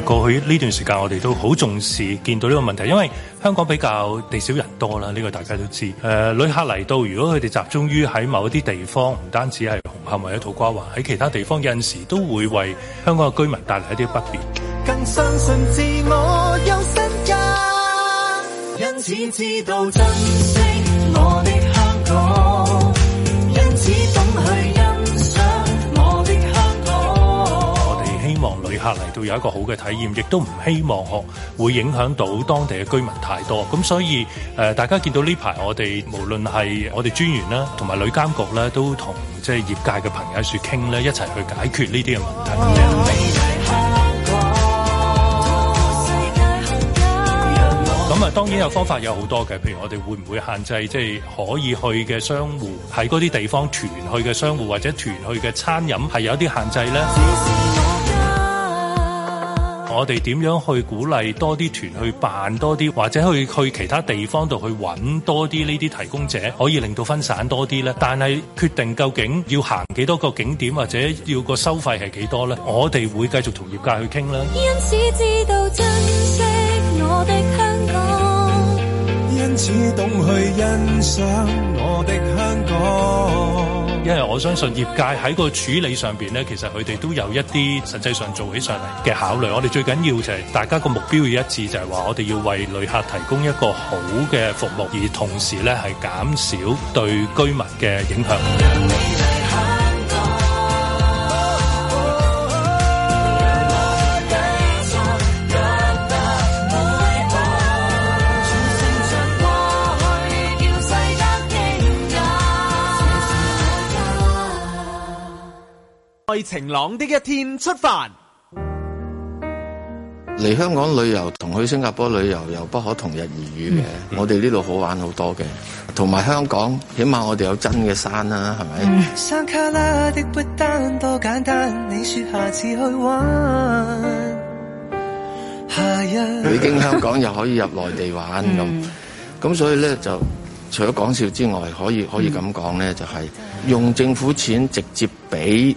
Speaker 4: 過去呢段時間我哋都好重視見到呢個問題，因為香港比較地少人多啦，呢、這個大家都知。誒、呃，旅客嚟到，如果佢哋集中於喺某一啲地方，唔單止係。同埋有土瓜環喺其他地方有陣時都會為香港嘅居民帶嚟一啲不便。
Speaker 6: 更相信自我有身家，因此知道珍惜。
Speaker 4: 客嚟到有一個好嘅體驗，亦都唔希望會影響到當地嘅居民太多。咁所以，誒、呃、大家見到呢排我哋無論係我哋專員啦，同埋旅監局咧，都同即係業界嘅朋友說傾咧，一齊去解決呢啲嘅問題。
Speaker 5: 咁、
Speaker 4: 哦嗯、啊，當然有方法有好多嘅，譬如我哋會唔會限制即係、就是、可以去嘅商戶喺嗰啲地方團去嘅商戶，或者團去嘅餐飲係有啲限制咧？時時我哋點樣去鼓勵多啲團去辦多啲，或者去去其他地方度去揾多啲呢啲提供者，可以令到分散多啲呢？但係決定究竟要行幾多個景點，或者要個收費係幾多呢？我哋會繼續同業界去傾啦。
Speaker 5: 因此知
Speaker 6: 道珍惜我的香港，因此懂去欣賞我的
Speaker 4: 香港。因為我相信業界喺個處理上邊咧，其實佢哋都有一啲實際上做起上嚟嘅考慮。我哋最緊要就係大家個目標要一致，就係話我哋要為旅客提供一個好嘅服務，而同時咧係減少對居民嘅影響。
Speaker 2: 在晴朗的一天出發，嚟香港旅遊同去新加坡旅遊又不可同日而語嘅。Mm. 我哋呢度好玩好多嘅，同埋香港起碼我哋有真嘅山啦、啊，係咪？
Speaker 6: 山卡拉的不多你下下次去玩？一經香港
Speaker 2: 又可以入內地玩咁，咁、mm. 所以咧就除咗講笑之外，可以可以咁講咧，就係、是、的用政府錢直接俾。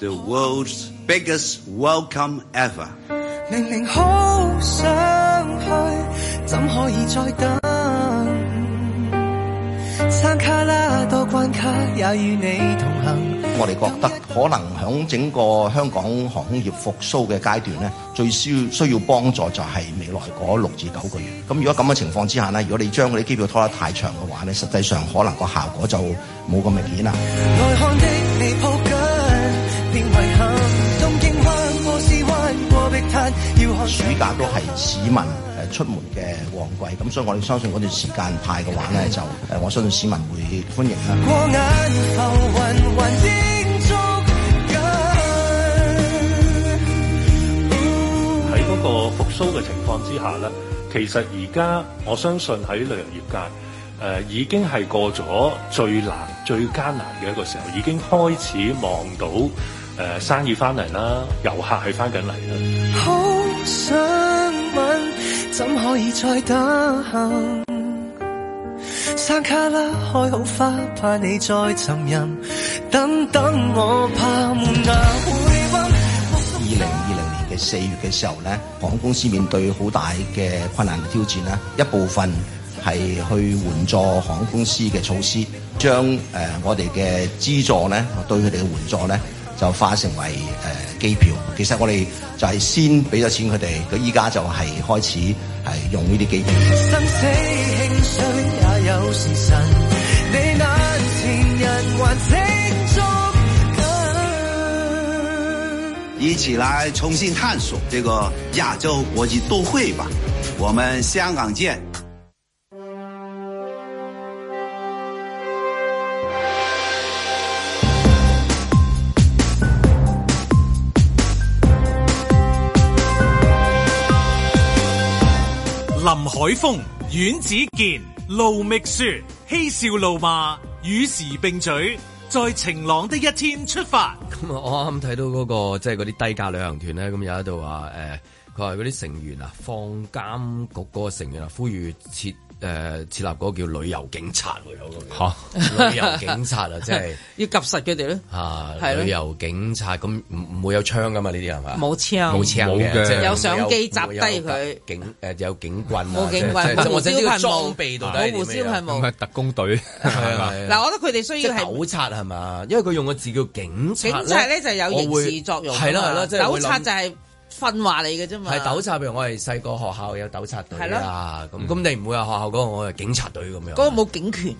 Speaker 1: The world's biggest welcome ever。
Speaker 6: 明明好想去，怎可以再等？參加啦，多關卡也與你同行。
Speaker 1: 我哋覺得可能響整個香港航空業復甦嘅階段咧，最需需要幫助就係未來嗰六至九個月。咁如果咁嘅情況之下，呢如果你將嗰啲機票拖得太長嘅話，呢實際上可能個效果就冇咁明顯啦。
Speaker 6: 內
Speaker 1: 暑假都係市民誒出門嘅旺季，咁所以我哋相信嗰段時間派嘅話咧，就誒我相信市民會歡迎
Speaker 6: 嘅。
Speaker 4: 喺嗰、哦、個復甦嘅情況之下咧，其實而家我相信喺旅遊業界誒、呃、已經係過咗最難、最艱難嘅一個時候，已經開始望到。誒、呃，
Speaker 6: 生意翻嚟啦，遊客係翻緊嚟啦。二零二零
Speaker 1: 年嘅四月嘅時候咧，航空公司面對好大嘅困難嘅挑戰咧，一部分係去援助航空公司嘅措施，將誒、呃、我哋嘅資助咧，對佢哋嘅援助咧。就化成為誒、呃、機票，其實我哋就係先俾咗錢佢哋，佢依家就係開始係用呢啲機
Speaker 6: 票。
Speaker 1: 一起來重新探索這個亞洲國際都會吧，我們香港見！
Speaker 4: 海風、阮子健、盧覓雪、嬉笑怒罵，與時並舉，在晴朗的一天出發。
Speaker 1: 咁啊、 那個，我啱啱睇到嗰個即係嗰啲低價旅行團咧，咁有喺度話，誒、欸，佢話嗰啲成員啊，放監局嗰個成員啊，呼籲撤。誒設立嗰個叫旅遊警察喎，嚇旅遊警察啊，即係
Speaker 3: 要夾實佢哋
Speaker 1: 咧，嚇旅遊警察，咁唔唔會有槍㗎嘛？呢啲係咪？冇槍，冇槍嘅，有相機擲低佢警誒，有警棍冇警棍，護照牌冇，冇護照牌冇，係特工隊嗱，我覺得佢哋需要係警察係嘛？因為佢用個字叫警察，警察咧就有認字作用係啦，即係警察就係。
Speaker 3: 訓話嚟嘅啫嘛，係督察，
Speaker 1: 譬如我係細個學校有督察隊啊，咁咁你唔會話學校嗰個我係警察隊咁樣，嗰個
Speaker 3: 冇警權，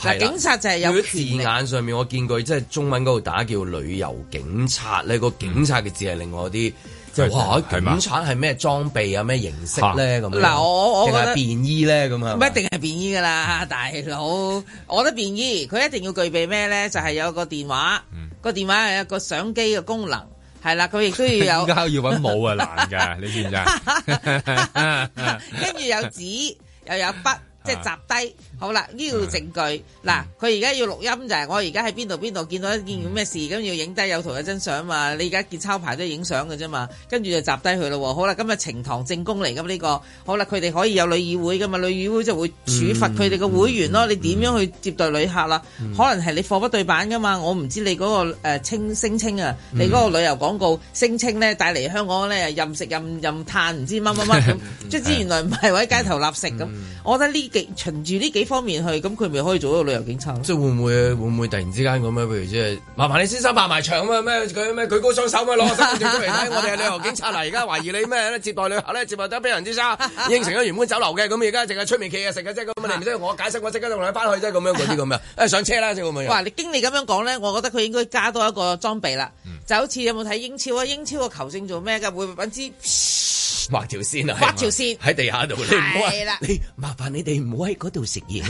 Speaker 1: 嗱警察就係有字眼上面我見過即係中文嗰度打叫旅遊警察咧，個警察嘅字係另外啲，即係哇，警察係咩裝備啊咩形式咧咁？嗱我我覺得便衣咧咁啊，一
Speaker 3: 定係便衣噶啦，大佬，我覺得便衣，佢一定要具備咩咧？就係有個電話，個電話係一個相機嘅功能。係啦，佢亦 都要有要。而
Speaker 2: 家要揾毛啊，難噶，你見咋？跟住有紙，
Speaker 3: 又有筆，即係集低。 好啦，呢個證據嗱，佢而家要錄音就係我而家喺邊度邊度見到一件咁嘅事，咁要影低，有圖有真相嘛？你而家見抄牌都係影相嘅啫嘛，跟住就集低佢咯。好啦，今日呈堂證供嚟噶呢個？好啦，佢哋可以有旅議會噶嘛？旅議會就會處罰佢哋嘅會員咯。你點樣去接待旅客啦？可能係你貨不對版噶嘛？我唔知你嗰個誒稱聲稱啊，你嗰個旅遊廣告聲稱咧帶嚟香港咧任食任任嘆，唔知乜乜乜咁，即係原來唔係喺街頭立食咁。我覺得呢幾循住呢幾方面去，咁佢咪可以做一個旅
Speaker 1: 遊警察咯？即係會唔會會唔會突然之間咁咧？譬如即係麻煩你先生拍埋場啊咩？佢舉，舉高雙手咪攞個身份證出嚟睇？ 我哋係旅遊警察啊！而家 懷疑你咩接待旅客接待得卑人之渣，應承咗原本酒樓嘅，咁而家淨係出面企嘢食嘅啫。咁啊，你唔使我解釋，我即刻同你翻去啫。咁樣嗰啲咁啊，誒上車啦先咁樣。樣 哇！
Speaker 3: 你經理咁樣講咧，我覺得佢應該加多一個裝備啦。就好似有冇睇英超啊？英超個球證做咩嘅？會揾支。
Speaker 1: 畫條線啊！畫條線喺地下度，你唔好啦，你麻煩你哋唔好喺嗰度食嘢，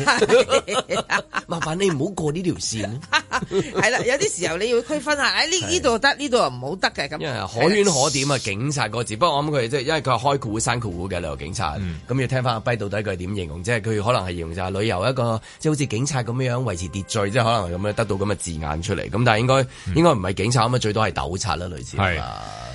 Speaker 1: 麻煩你唔好過呢條線。
Speaker 3: 係啦，有啲時候你要區分下，呢呢度得，呢度又唔好得嘅咁。因為可圈可
Speaker 1: 點啊，警察個字。不過我諗佢即係，因為佢係開古山古古嘅旅遊警察，咁要聽翻阿跛到底佢係點形容，即係佢可能係形容就係旅遊一個，即係好似警察咁樣樣維持秩序，即係可能咁樣得到咁嘅字眼出嚟。咁但係應該應該唔係警察咁啊，最多係督察啦，類似係。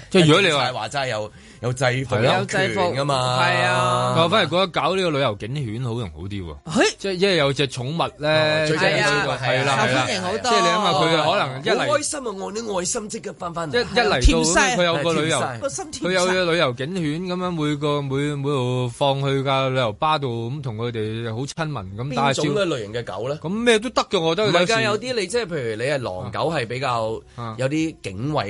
Speaker 1: 即係如果你話，話齋有。有制服，有制服噶嘛？係啊！我反而覺得搞呢個旅
Speaker 2: 遊警犬好仲好啲喎，即係因為有隻寵物咧，最緊要就係啦，即係你諗下佢可能一嚟開
Speaker 1: 心啊，愛啲愛心即刻翻翻嚟，一嚟到佢有個旅遊，佢有個
Speaker 2: 旅遊警犬咁樣每個每每度放去個旅遊巴度咁，同佢哋好親民咁。邊種嘅
Speaker 1: 類型嘅狗咧？咁咩都得嘅，我都外界有啲你即係譬如你係狼狗係比較有啲警衛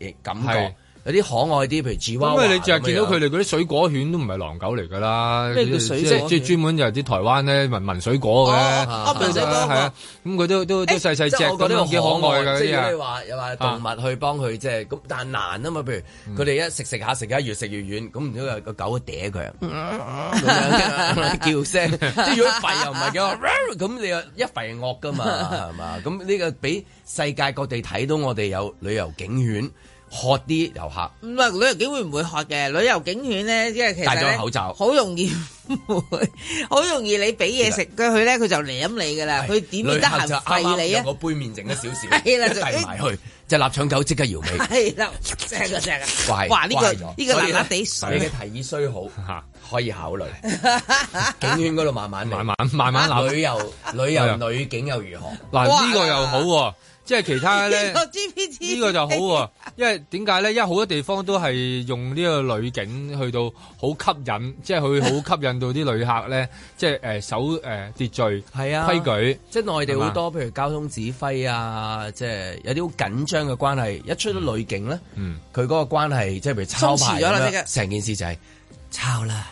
Speaker 1: 嘅感覺。有啲可愛啲，譬如吉娃娃。咁你就係見到佢
Speaker 2: 哋嗰啲水果犬都唔係狼狗嚟噶啦。咩叫水果？即係專門就係啲台灣咧文文水果嘅。哦，啊，咁佢都都都細細
Speaker 5: 隻，即係我覺得幾可愛㗎。即係話又話動物
Speaker 1: 去幫佢，即係咁，但係難啊嘛。譬如佢哋一食食下食下，越食越軟，咁唔知個狗嗲佢啊，叫聲。即係如果吠又唔係嘅，咁你一吠惡㗎嘛，係嘛？咁呢個俾世界各地睇到我哋有旅遊警犬。喝啲遊客
Speaker 3: 唔係旅遊警會唔會喝嘅？旅遊警犬咧，因為其實戴咗口罩好容易，好容易你俾嘢食佢咧，佢就舐你噶啦。佢點得閒就挨你啊！我
Speaker 1: 杯麵剩咗少少，係啦，埋去隻臘腸狗即刻搖尾。係
Speaker 3: 啦，正啊正啊！哇呢個呢個邋邋地，水嘅提
Speaker 1: 議雖好，吓可以考慮警犬嗰度慢慢慢慢慢慢。旅遊旅遊女警又如何？嗱呢個又
Speaker 5: 好。
Speaker 2: 即係其他咧，呢
Speaker 5: 個就好喎。因
Speaker 2: 為點解咧？因為好多地方都係用呢個女警去到好吸引，即係佢好吸引到啲旅客
Speaker 1: 咧。即係誒守誒秩序，
Speaker 5: 係啊規矩。
Speaker 1: 即係內地好多，譬如交通指揮啊，即係有啲好緊張嘅關係。一出到女警咧，嗯，佢嗰個關係即係譬如抄牌啦，成件事就係抄啦，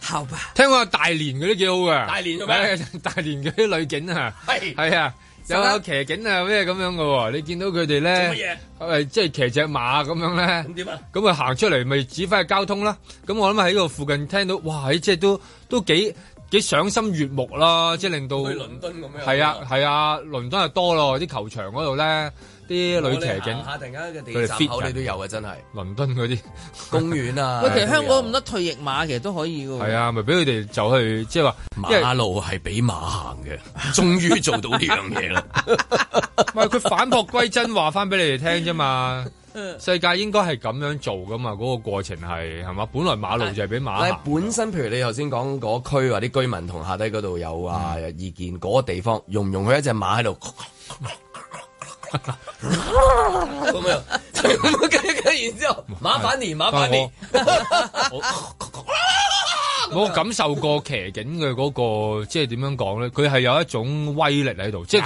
Speaker 2: 好吧。聽講大連嗰啲幾好㗎，大連做咩？大連嗰啲女警啊，係係啊。 有有騎警啊，咩咁樣㗎？你見到佢哋咧，係即係騎隻馬咁樣咧。咁點啊？咁啊行出嚟咪指揮交通啦。咁、嗯、我諗喺呢個附近聽到，哇！即係都都幾。幾賞心悅目啦，即係令到去倫敦咁樣。係啊係啊，倫敦又多咯，啲球場嗰度咧，啲女騎警啊，
Speaker 1: 突然間嘅地鐵口你都有
Speaker 2: 啊，真係。倫敦嗰啲公園啊，喂，其實香港咁
Speaker 3: 多退役馬，其實都可以
Speaker 1: 噶。係啊，
Speaker 2: 咪俾佢哋走去，即係話馬路係俾馬行嘅，終於做到呢樣嘢啦。喂， 佢反璞歸真，話翻俾你哋聽啫嘛。世界應該係咁樣做噶嘛？嗰、嗰個過程係係嘛？本來馬路就係俾馬行。本身譬如你頭先
Speaker 1: 講嗰區或啲居民同下低嗰度有啊意見，嗰、嗯、個地方容唔容許一隻馬喺度？
Speaker 5: 咁 樣咁樣跟住然之後， 後，麻煩你麻煩你。我
Speaker 1: 我感
Speaker 2: 受過騎警嘅嗰個，即係點樣講咧？佢係有一種威力喺度，即係佢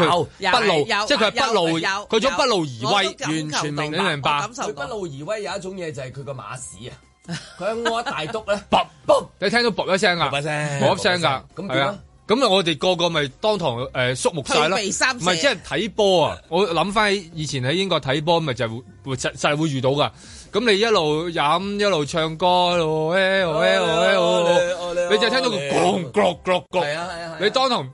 Speaker 2: 不露，即係佢係不露，佢種不露而威，完全令人明白。
Speaker 1: 不露而威有一種嘢就係佢個馬屎啊！佢屙一大督咧，卜
Speaker 2: 卜，你聽到卜一聲噶，卜一聲，卜一聲噶，係啊。咁我哋個個咪當堂誒肅穆曬啦，唔、呃、係即係睇波啊！我諗翻起以前喺英國睇波，咪就係、係、會實實會、會遇到噶。咁你一路飲一路唱歌，你就聽到佢嗚嗚嗚嗚，你當堂。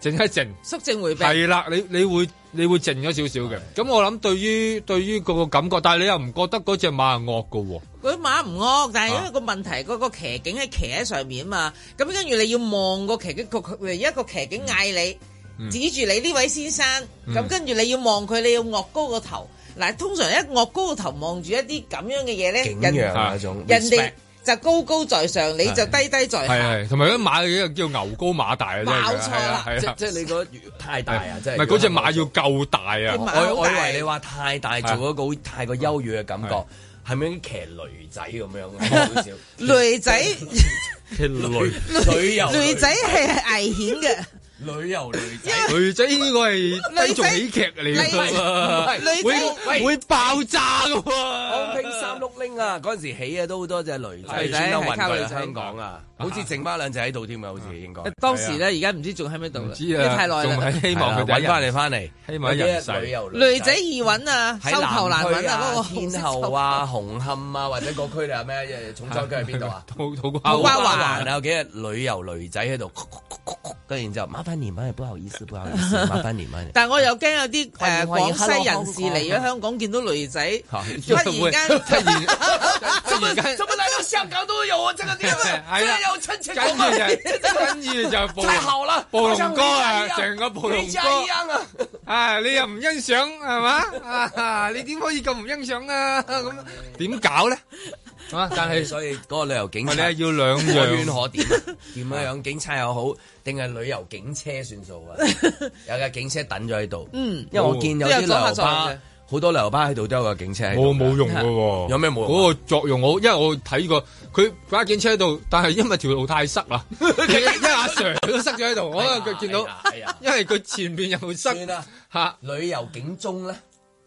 Speaker 2: 靜一靜，
Speaker 3: 肅靜回避。係啦，
Speaker 2: 你你會你會靜咗少少嘅。咁我諗對於對於個個感覺，但係你又唔覺得嗰隻馬係惡嘅喎。
Speaker 3: 嗰馬唔惡，但係因為個問題，嗰個騎警喺騎喺上面啊嘛。咁跟住你要望個騎警，一個騎警嗌你指住你，呢位先生。咁跟住你要望佢，你要惡高個頭。嗱，通常一惡高個頭望住一啲咁樣嘅嘢咧，人樣啊種人哋。就高高在上，你就低低在下。係係，
Speaker 2: 同埋嗰隻馬嘅叫牛高馬大啊！冇錯啦，即係
Speaker 1: 你覺得太大啊，真係。唔係嗰隻馬要夠大啊！我我以為你話太大，做一個太過優越嘅感覺，係咪啲騎驢仔咁樣？少少
Speaker 3: 驢仔，
Speaker 1: 驢驢遊，驢仔
Speaker 3: 係危險嘅。
Speaker 1: 旅遊女，女仔， 女仔應該
Speaker 2: 係低俗喜劇嚟嘅，女仔會爆炸㗎喎女。嗯、
Speaker 1: 聽三六零啊，嗰陣時起啊都好多隻女仔，係先有雲台香港啊。好似剩翻兩隻喺度添啊！好似應該當時咧，而家唔知仲喺咩度，太耐啦。仲係希望佢揾翻嚟翻嚟。幾日旅
Speaker 3: 遊女仔易揾啊？收頭難揾啊！嗰個天后
Speaker 1: 啊、紅磡啊，或者各區你話咩？重災區喺邊度啊？土瓜灣啊，幾日旅遊女仔喺度，跟然之後，麻煩你，麻煩你，不好意思，不好意思，麻煩你，麻煩你。
Speaker 3: 但係我又驚有啲誒廣西人士嚟咗香港，見到女仔，
Speaker 1: 太
Speaker 5: 勇敢，太勇敢，忽然間
Speaker 1: 忽然間香港都有啊？這個
Speaker 2: 跟住就，暴龍，暴龍哥啊，成個暴龍哥啊，啊，你又唔欣賞係嘛？啊，你點可以咁唔欣賞啊？咁
Speaker 1: 點搞咧？啊，但係所以嗰個旅遊警你係要兩樣可點？點樣樣？警察又好，定係旅遊警車算數啊？有架警車等咗喺度，
Speaker 5: 嗯，因為我見有啲旅遊巴。
Speaker 1: 好多流巴喺度都有個警
Speaker 2: 車，我冇用嘅喎，有咩冇用？嗰個作用我，因為我睇過佢揸警車喺度，但係因為條路太塞啦，因為阿 Sir 都塞咗喺度，我咧佢見到，因為佢前邊又塞
Speaker 1: 嚇。旅遊警鐘咧，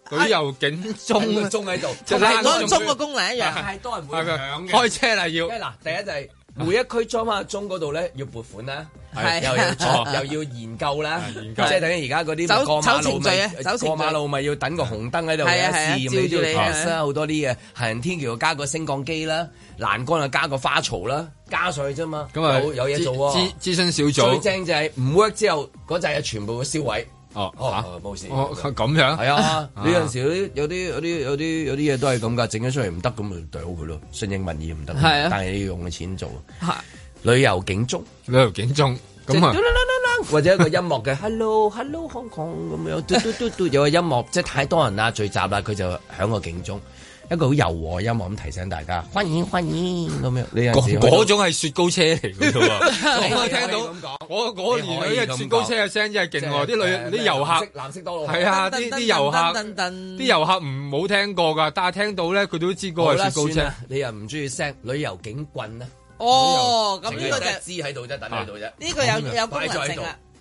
Speaker 1: 旅遊警鐘個鐘喺度，同嗰個鐘嘅功能一樣，但多人會響嘅。開車啦，要嗱，第一就係。每一區裝下鐘嗰度咧，要撥款啦，的又要做， 又要研究啦，即係 等於而家嗰啲過馬路咪過馬路咪要等個紅燈喺度，一試驗你啲塔，好多啲嘢，行人天橋加個升降機啦，欄杆啊加個花槽啦，加上去啫嘛，咁麼有有嘢做，咨咨詢小組最正就係唔 work 之後嗰陣嘢全部會銷毀。嗯.哦冇事，咁、oh, 樣係啊！呢陣時有啲有啲有啲有啲有啲嘢都係咁噶，整咗出嚟唔得咁咪對佢咯，順應民意唔得，啊、但係你要用嘅錢做，啊、旅遊警鐘，旅遊警鐘或者一個音樂嘅 Hello Hello Hong Kong 咁樣，嘟嘟嘟嘟嘟有個音樂，即係太多人啦聚集啦，佢就響個警鐘。一個好柔和音樂咁提醒大家，歡迎，歡迎！咁樣，呢嗰種係雪糕車
Speaker 2: 嚟嘅，可唔可以聽到？我我而家雪糕車嘅聲真係勁喎，啲旅啲遊客，藍色係啊，啲啲遊客，
Speaker 3: 啲遊客
Speaker 2: 唔冇聽過噶，但係聽到咧，佢都
Speaker 1: 知個係雪糕車。你又唔中意聲？旅遊警棍咧？哦，咁呢個就黐喺度啫，
Speaker 5: 等喺度啫，呢個有有功能性。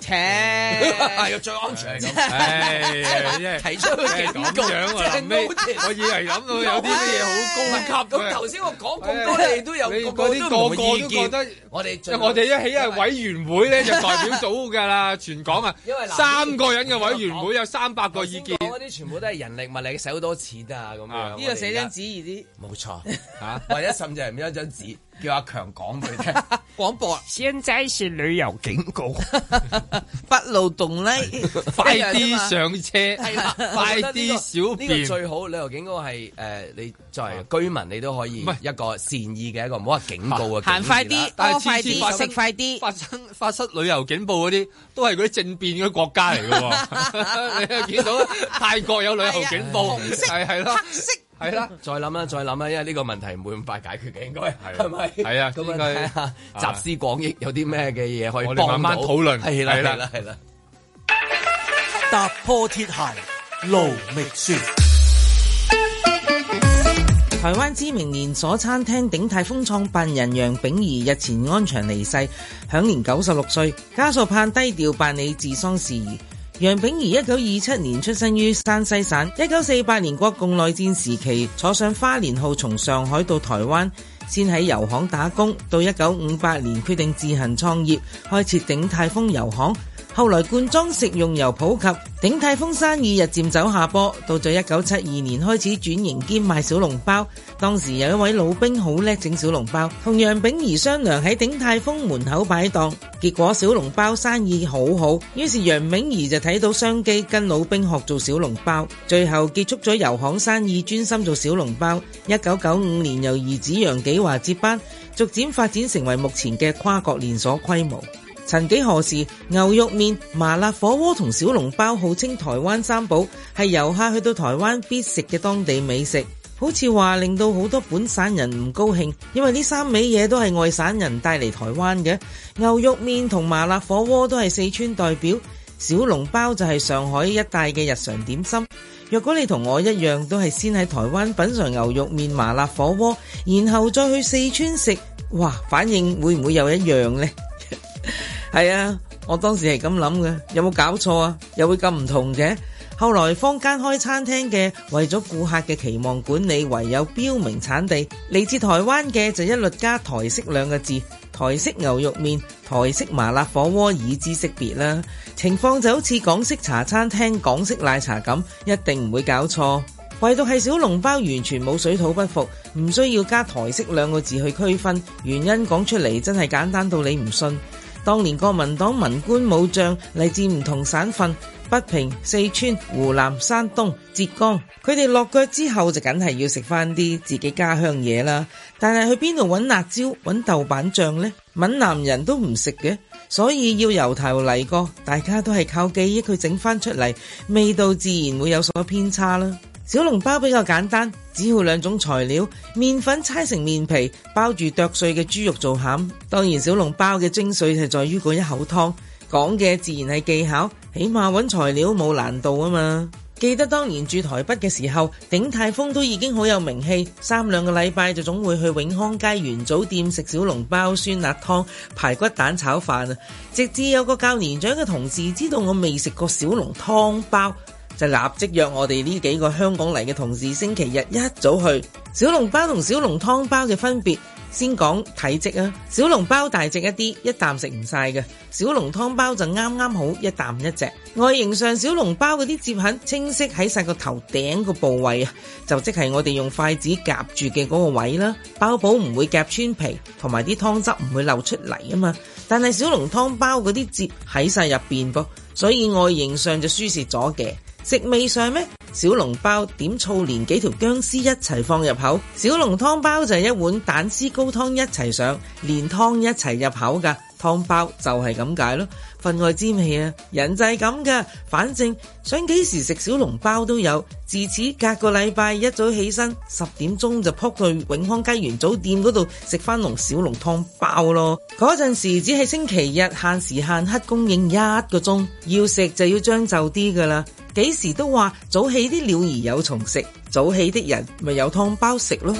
Speaker 1: 請係要最安全咁，提出咁樣啊？咩？我以為諗到有啲乜嘢好高級。咁頭先我講咁多你，亦都有個個都覺得。我哋我哋一起係委員會咧，就代表組
Speaker 2: 㗎喇，全港啊，因為三個人嘅委員會有
Speaker 1: 三百個意見。嗰啲全部都係人力物力，使好多錢啊！咁樣呢個寫張紙而啲冇錯嚇，或者甚至係唔一張紙。叫阿強講俾你聽廣播啊！先齋是旅遊警告，不勞動呢，快啲上車，快啲小便。最好旅遊警告係誒，你作為居民你都可以一個善意嘅一個，唔好話警告啊。行快啲，多快啲，食
Speaker 3: 快啲。發生發失
Speaker 1: 旅遊警報嗰啲，都係嗰啲政變嘅國家嚟嘅。
Speaker 2: 你見到泰國有旅遊警報，係係咯。係啦，
Speaker 1: 再諗啦，再諗啦，因為呢個問題唔會咁快解決嘅的，應該係咪？係啊，咁啊睇下集思廣益，有啲咩嘅嘢可以，嗯、我哋慢慢討論，係啦，係啦，係啦。踏破鐵鞋無覓處。
Speaker 3: 台灣知名連鎖餐廳鼎泰豐創辦人楊秉彝日前安詳離世，享年九十六歲，家屬盼低調辦理治喪事宜。楊炳儀一九二七年出生於山西省，一九四八年國共內戰時期坐上花蓮號從上海到台灣，先喺油行打工，到一九五八年決定自行創業，開設鼎泰豐油行。後來罐裝食用油普及，鼎泰豐生意日漸走下坡。到咗一九七二年開始轉型兼賣小籠包。當時有一位老兵好叻整小籠包，同楊炳儀商量喺鼎泰豐門口擺檔。結果小籠包生意好好，於是楊炳儀就睇到商機，跟老兵學做小籠包。最後結束咗油行生意，專心做小籠包。一九九五年由兒子楊紀華接班，逐漸發展成為目前嘅跨國連鎖規模。曾幾何時，牛肉麵、麻辣火鍋同小籠包號稱台灣三寶，係遊客去到台灣必食嘅當地美食。好似話令到好多本省人唔高興，因為呢三味嘢都係外省人帶嚟台灣嘅。牛肉麵同麻辣火鍋都係四川代表，小籠包就係上海一帶嘅日常點心。若果你同我一樣，都係先喺台灣品嘗牛肉麵、麻辣火鍋，然後再去四川食，哇！反應會唔會又一樣呢？ 係啊，我當時係咁諗嘅，有冇搞錯啊？又會咁唔同嘅？後來坊間開餐廳嘅，為咗顧客嘅期望管理，唯有標明產地，嚟自台灣嘅就一律加台式兩個字，台式牛肉麵、台式麻辣火鍋以資識別啦。情況就好似港式茶餐廳、港式奶茶咁，一定唔會搞錯。唯獨係小籠包完全冇水土不服，唔需要加台式兩個字去區分。原因講出嚟真係簡單到你唔信。當年國民黨文官武將嚟自唔同省份，北平、四川、湖南、山東、浙江，佢哋落腳之後就梗係要食翻啲自己家鄉嘢啦。但係去邊度揾辣椒、揾豆瓣醬呢？閩南人都唔食嘅，所以要由頭嚟過，大家都係靠記憶佢整翻出嚟，味道自然會有所偏差啦。小籠包比較簡單，只要兩種材料，麵粉搓成麵皮，包住剁碎嘅豬肉做餡。當然，小籠包嘅精髓係在於嗰一口湯。講嘅自然係技巧，起碼揾材料冇難度啊嘛。記得當年住台北嘅時候，鼎泰豐都已經好有名氣，三兩個禮拜就總會去永康街元祖店食小籠包、酸辣湯、排骨蛋炒飯啊。直至有個教年長嘅同事知道我未食過小籠湯包。就立即約我哋呢幾個香港嚟嘅同事，星期日一早去小籠包同小籠湯包嘅分別，先講體積啊！小籠包大隻一啲，一啖食唔晒嘅；小籠湯包就啱啱好一啖一隻。外形上，小籠包嗰啲摺痕清晰喺晒個頭頂個部位啊，就即係我哋用筷子夾住嘅嗰個位啦。包保唔會夾穿皮，同埋啲湯汁唔會漏出嚟啊嘛。但係小籠湯包嗰啲摺喺晒入邊噃，所以外形上就輸蝕咗嘅。食味上咩？小籠包點醋連幾條姜絲一齊放入口，小籠湯包就係一碗蛋絲高湯一齊上，連湯一齊入口噶。湯包就係咁解咯。份外滋味啊！人就係咁噶，反正想幾時食小籠包都有，自此隔個禮拜一早起身十點鐘就撲去永康雞園酒店嗰度食翻籠小籠湯包咯。嗰陣時只係星期日限時限刻供應一個鐘，要食就要將就啲噶啦。幾時都話，早起啲鳥兒有蟲食，早起的人咪有湯包食咯。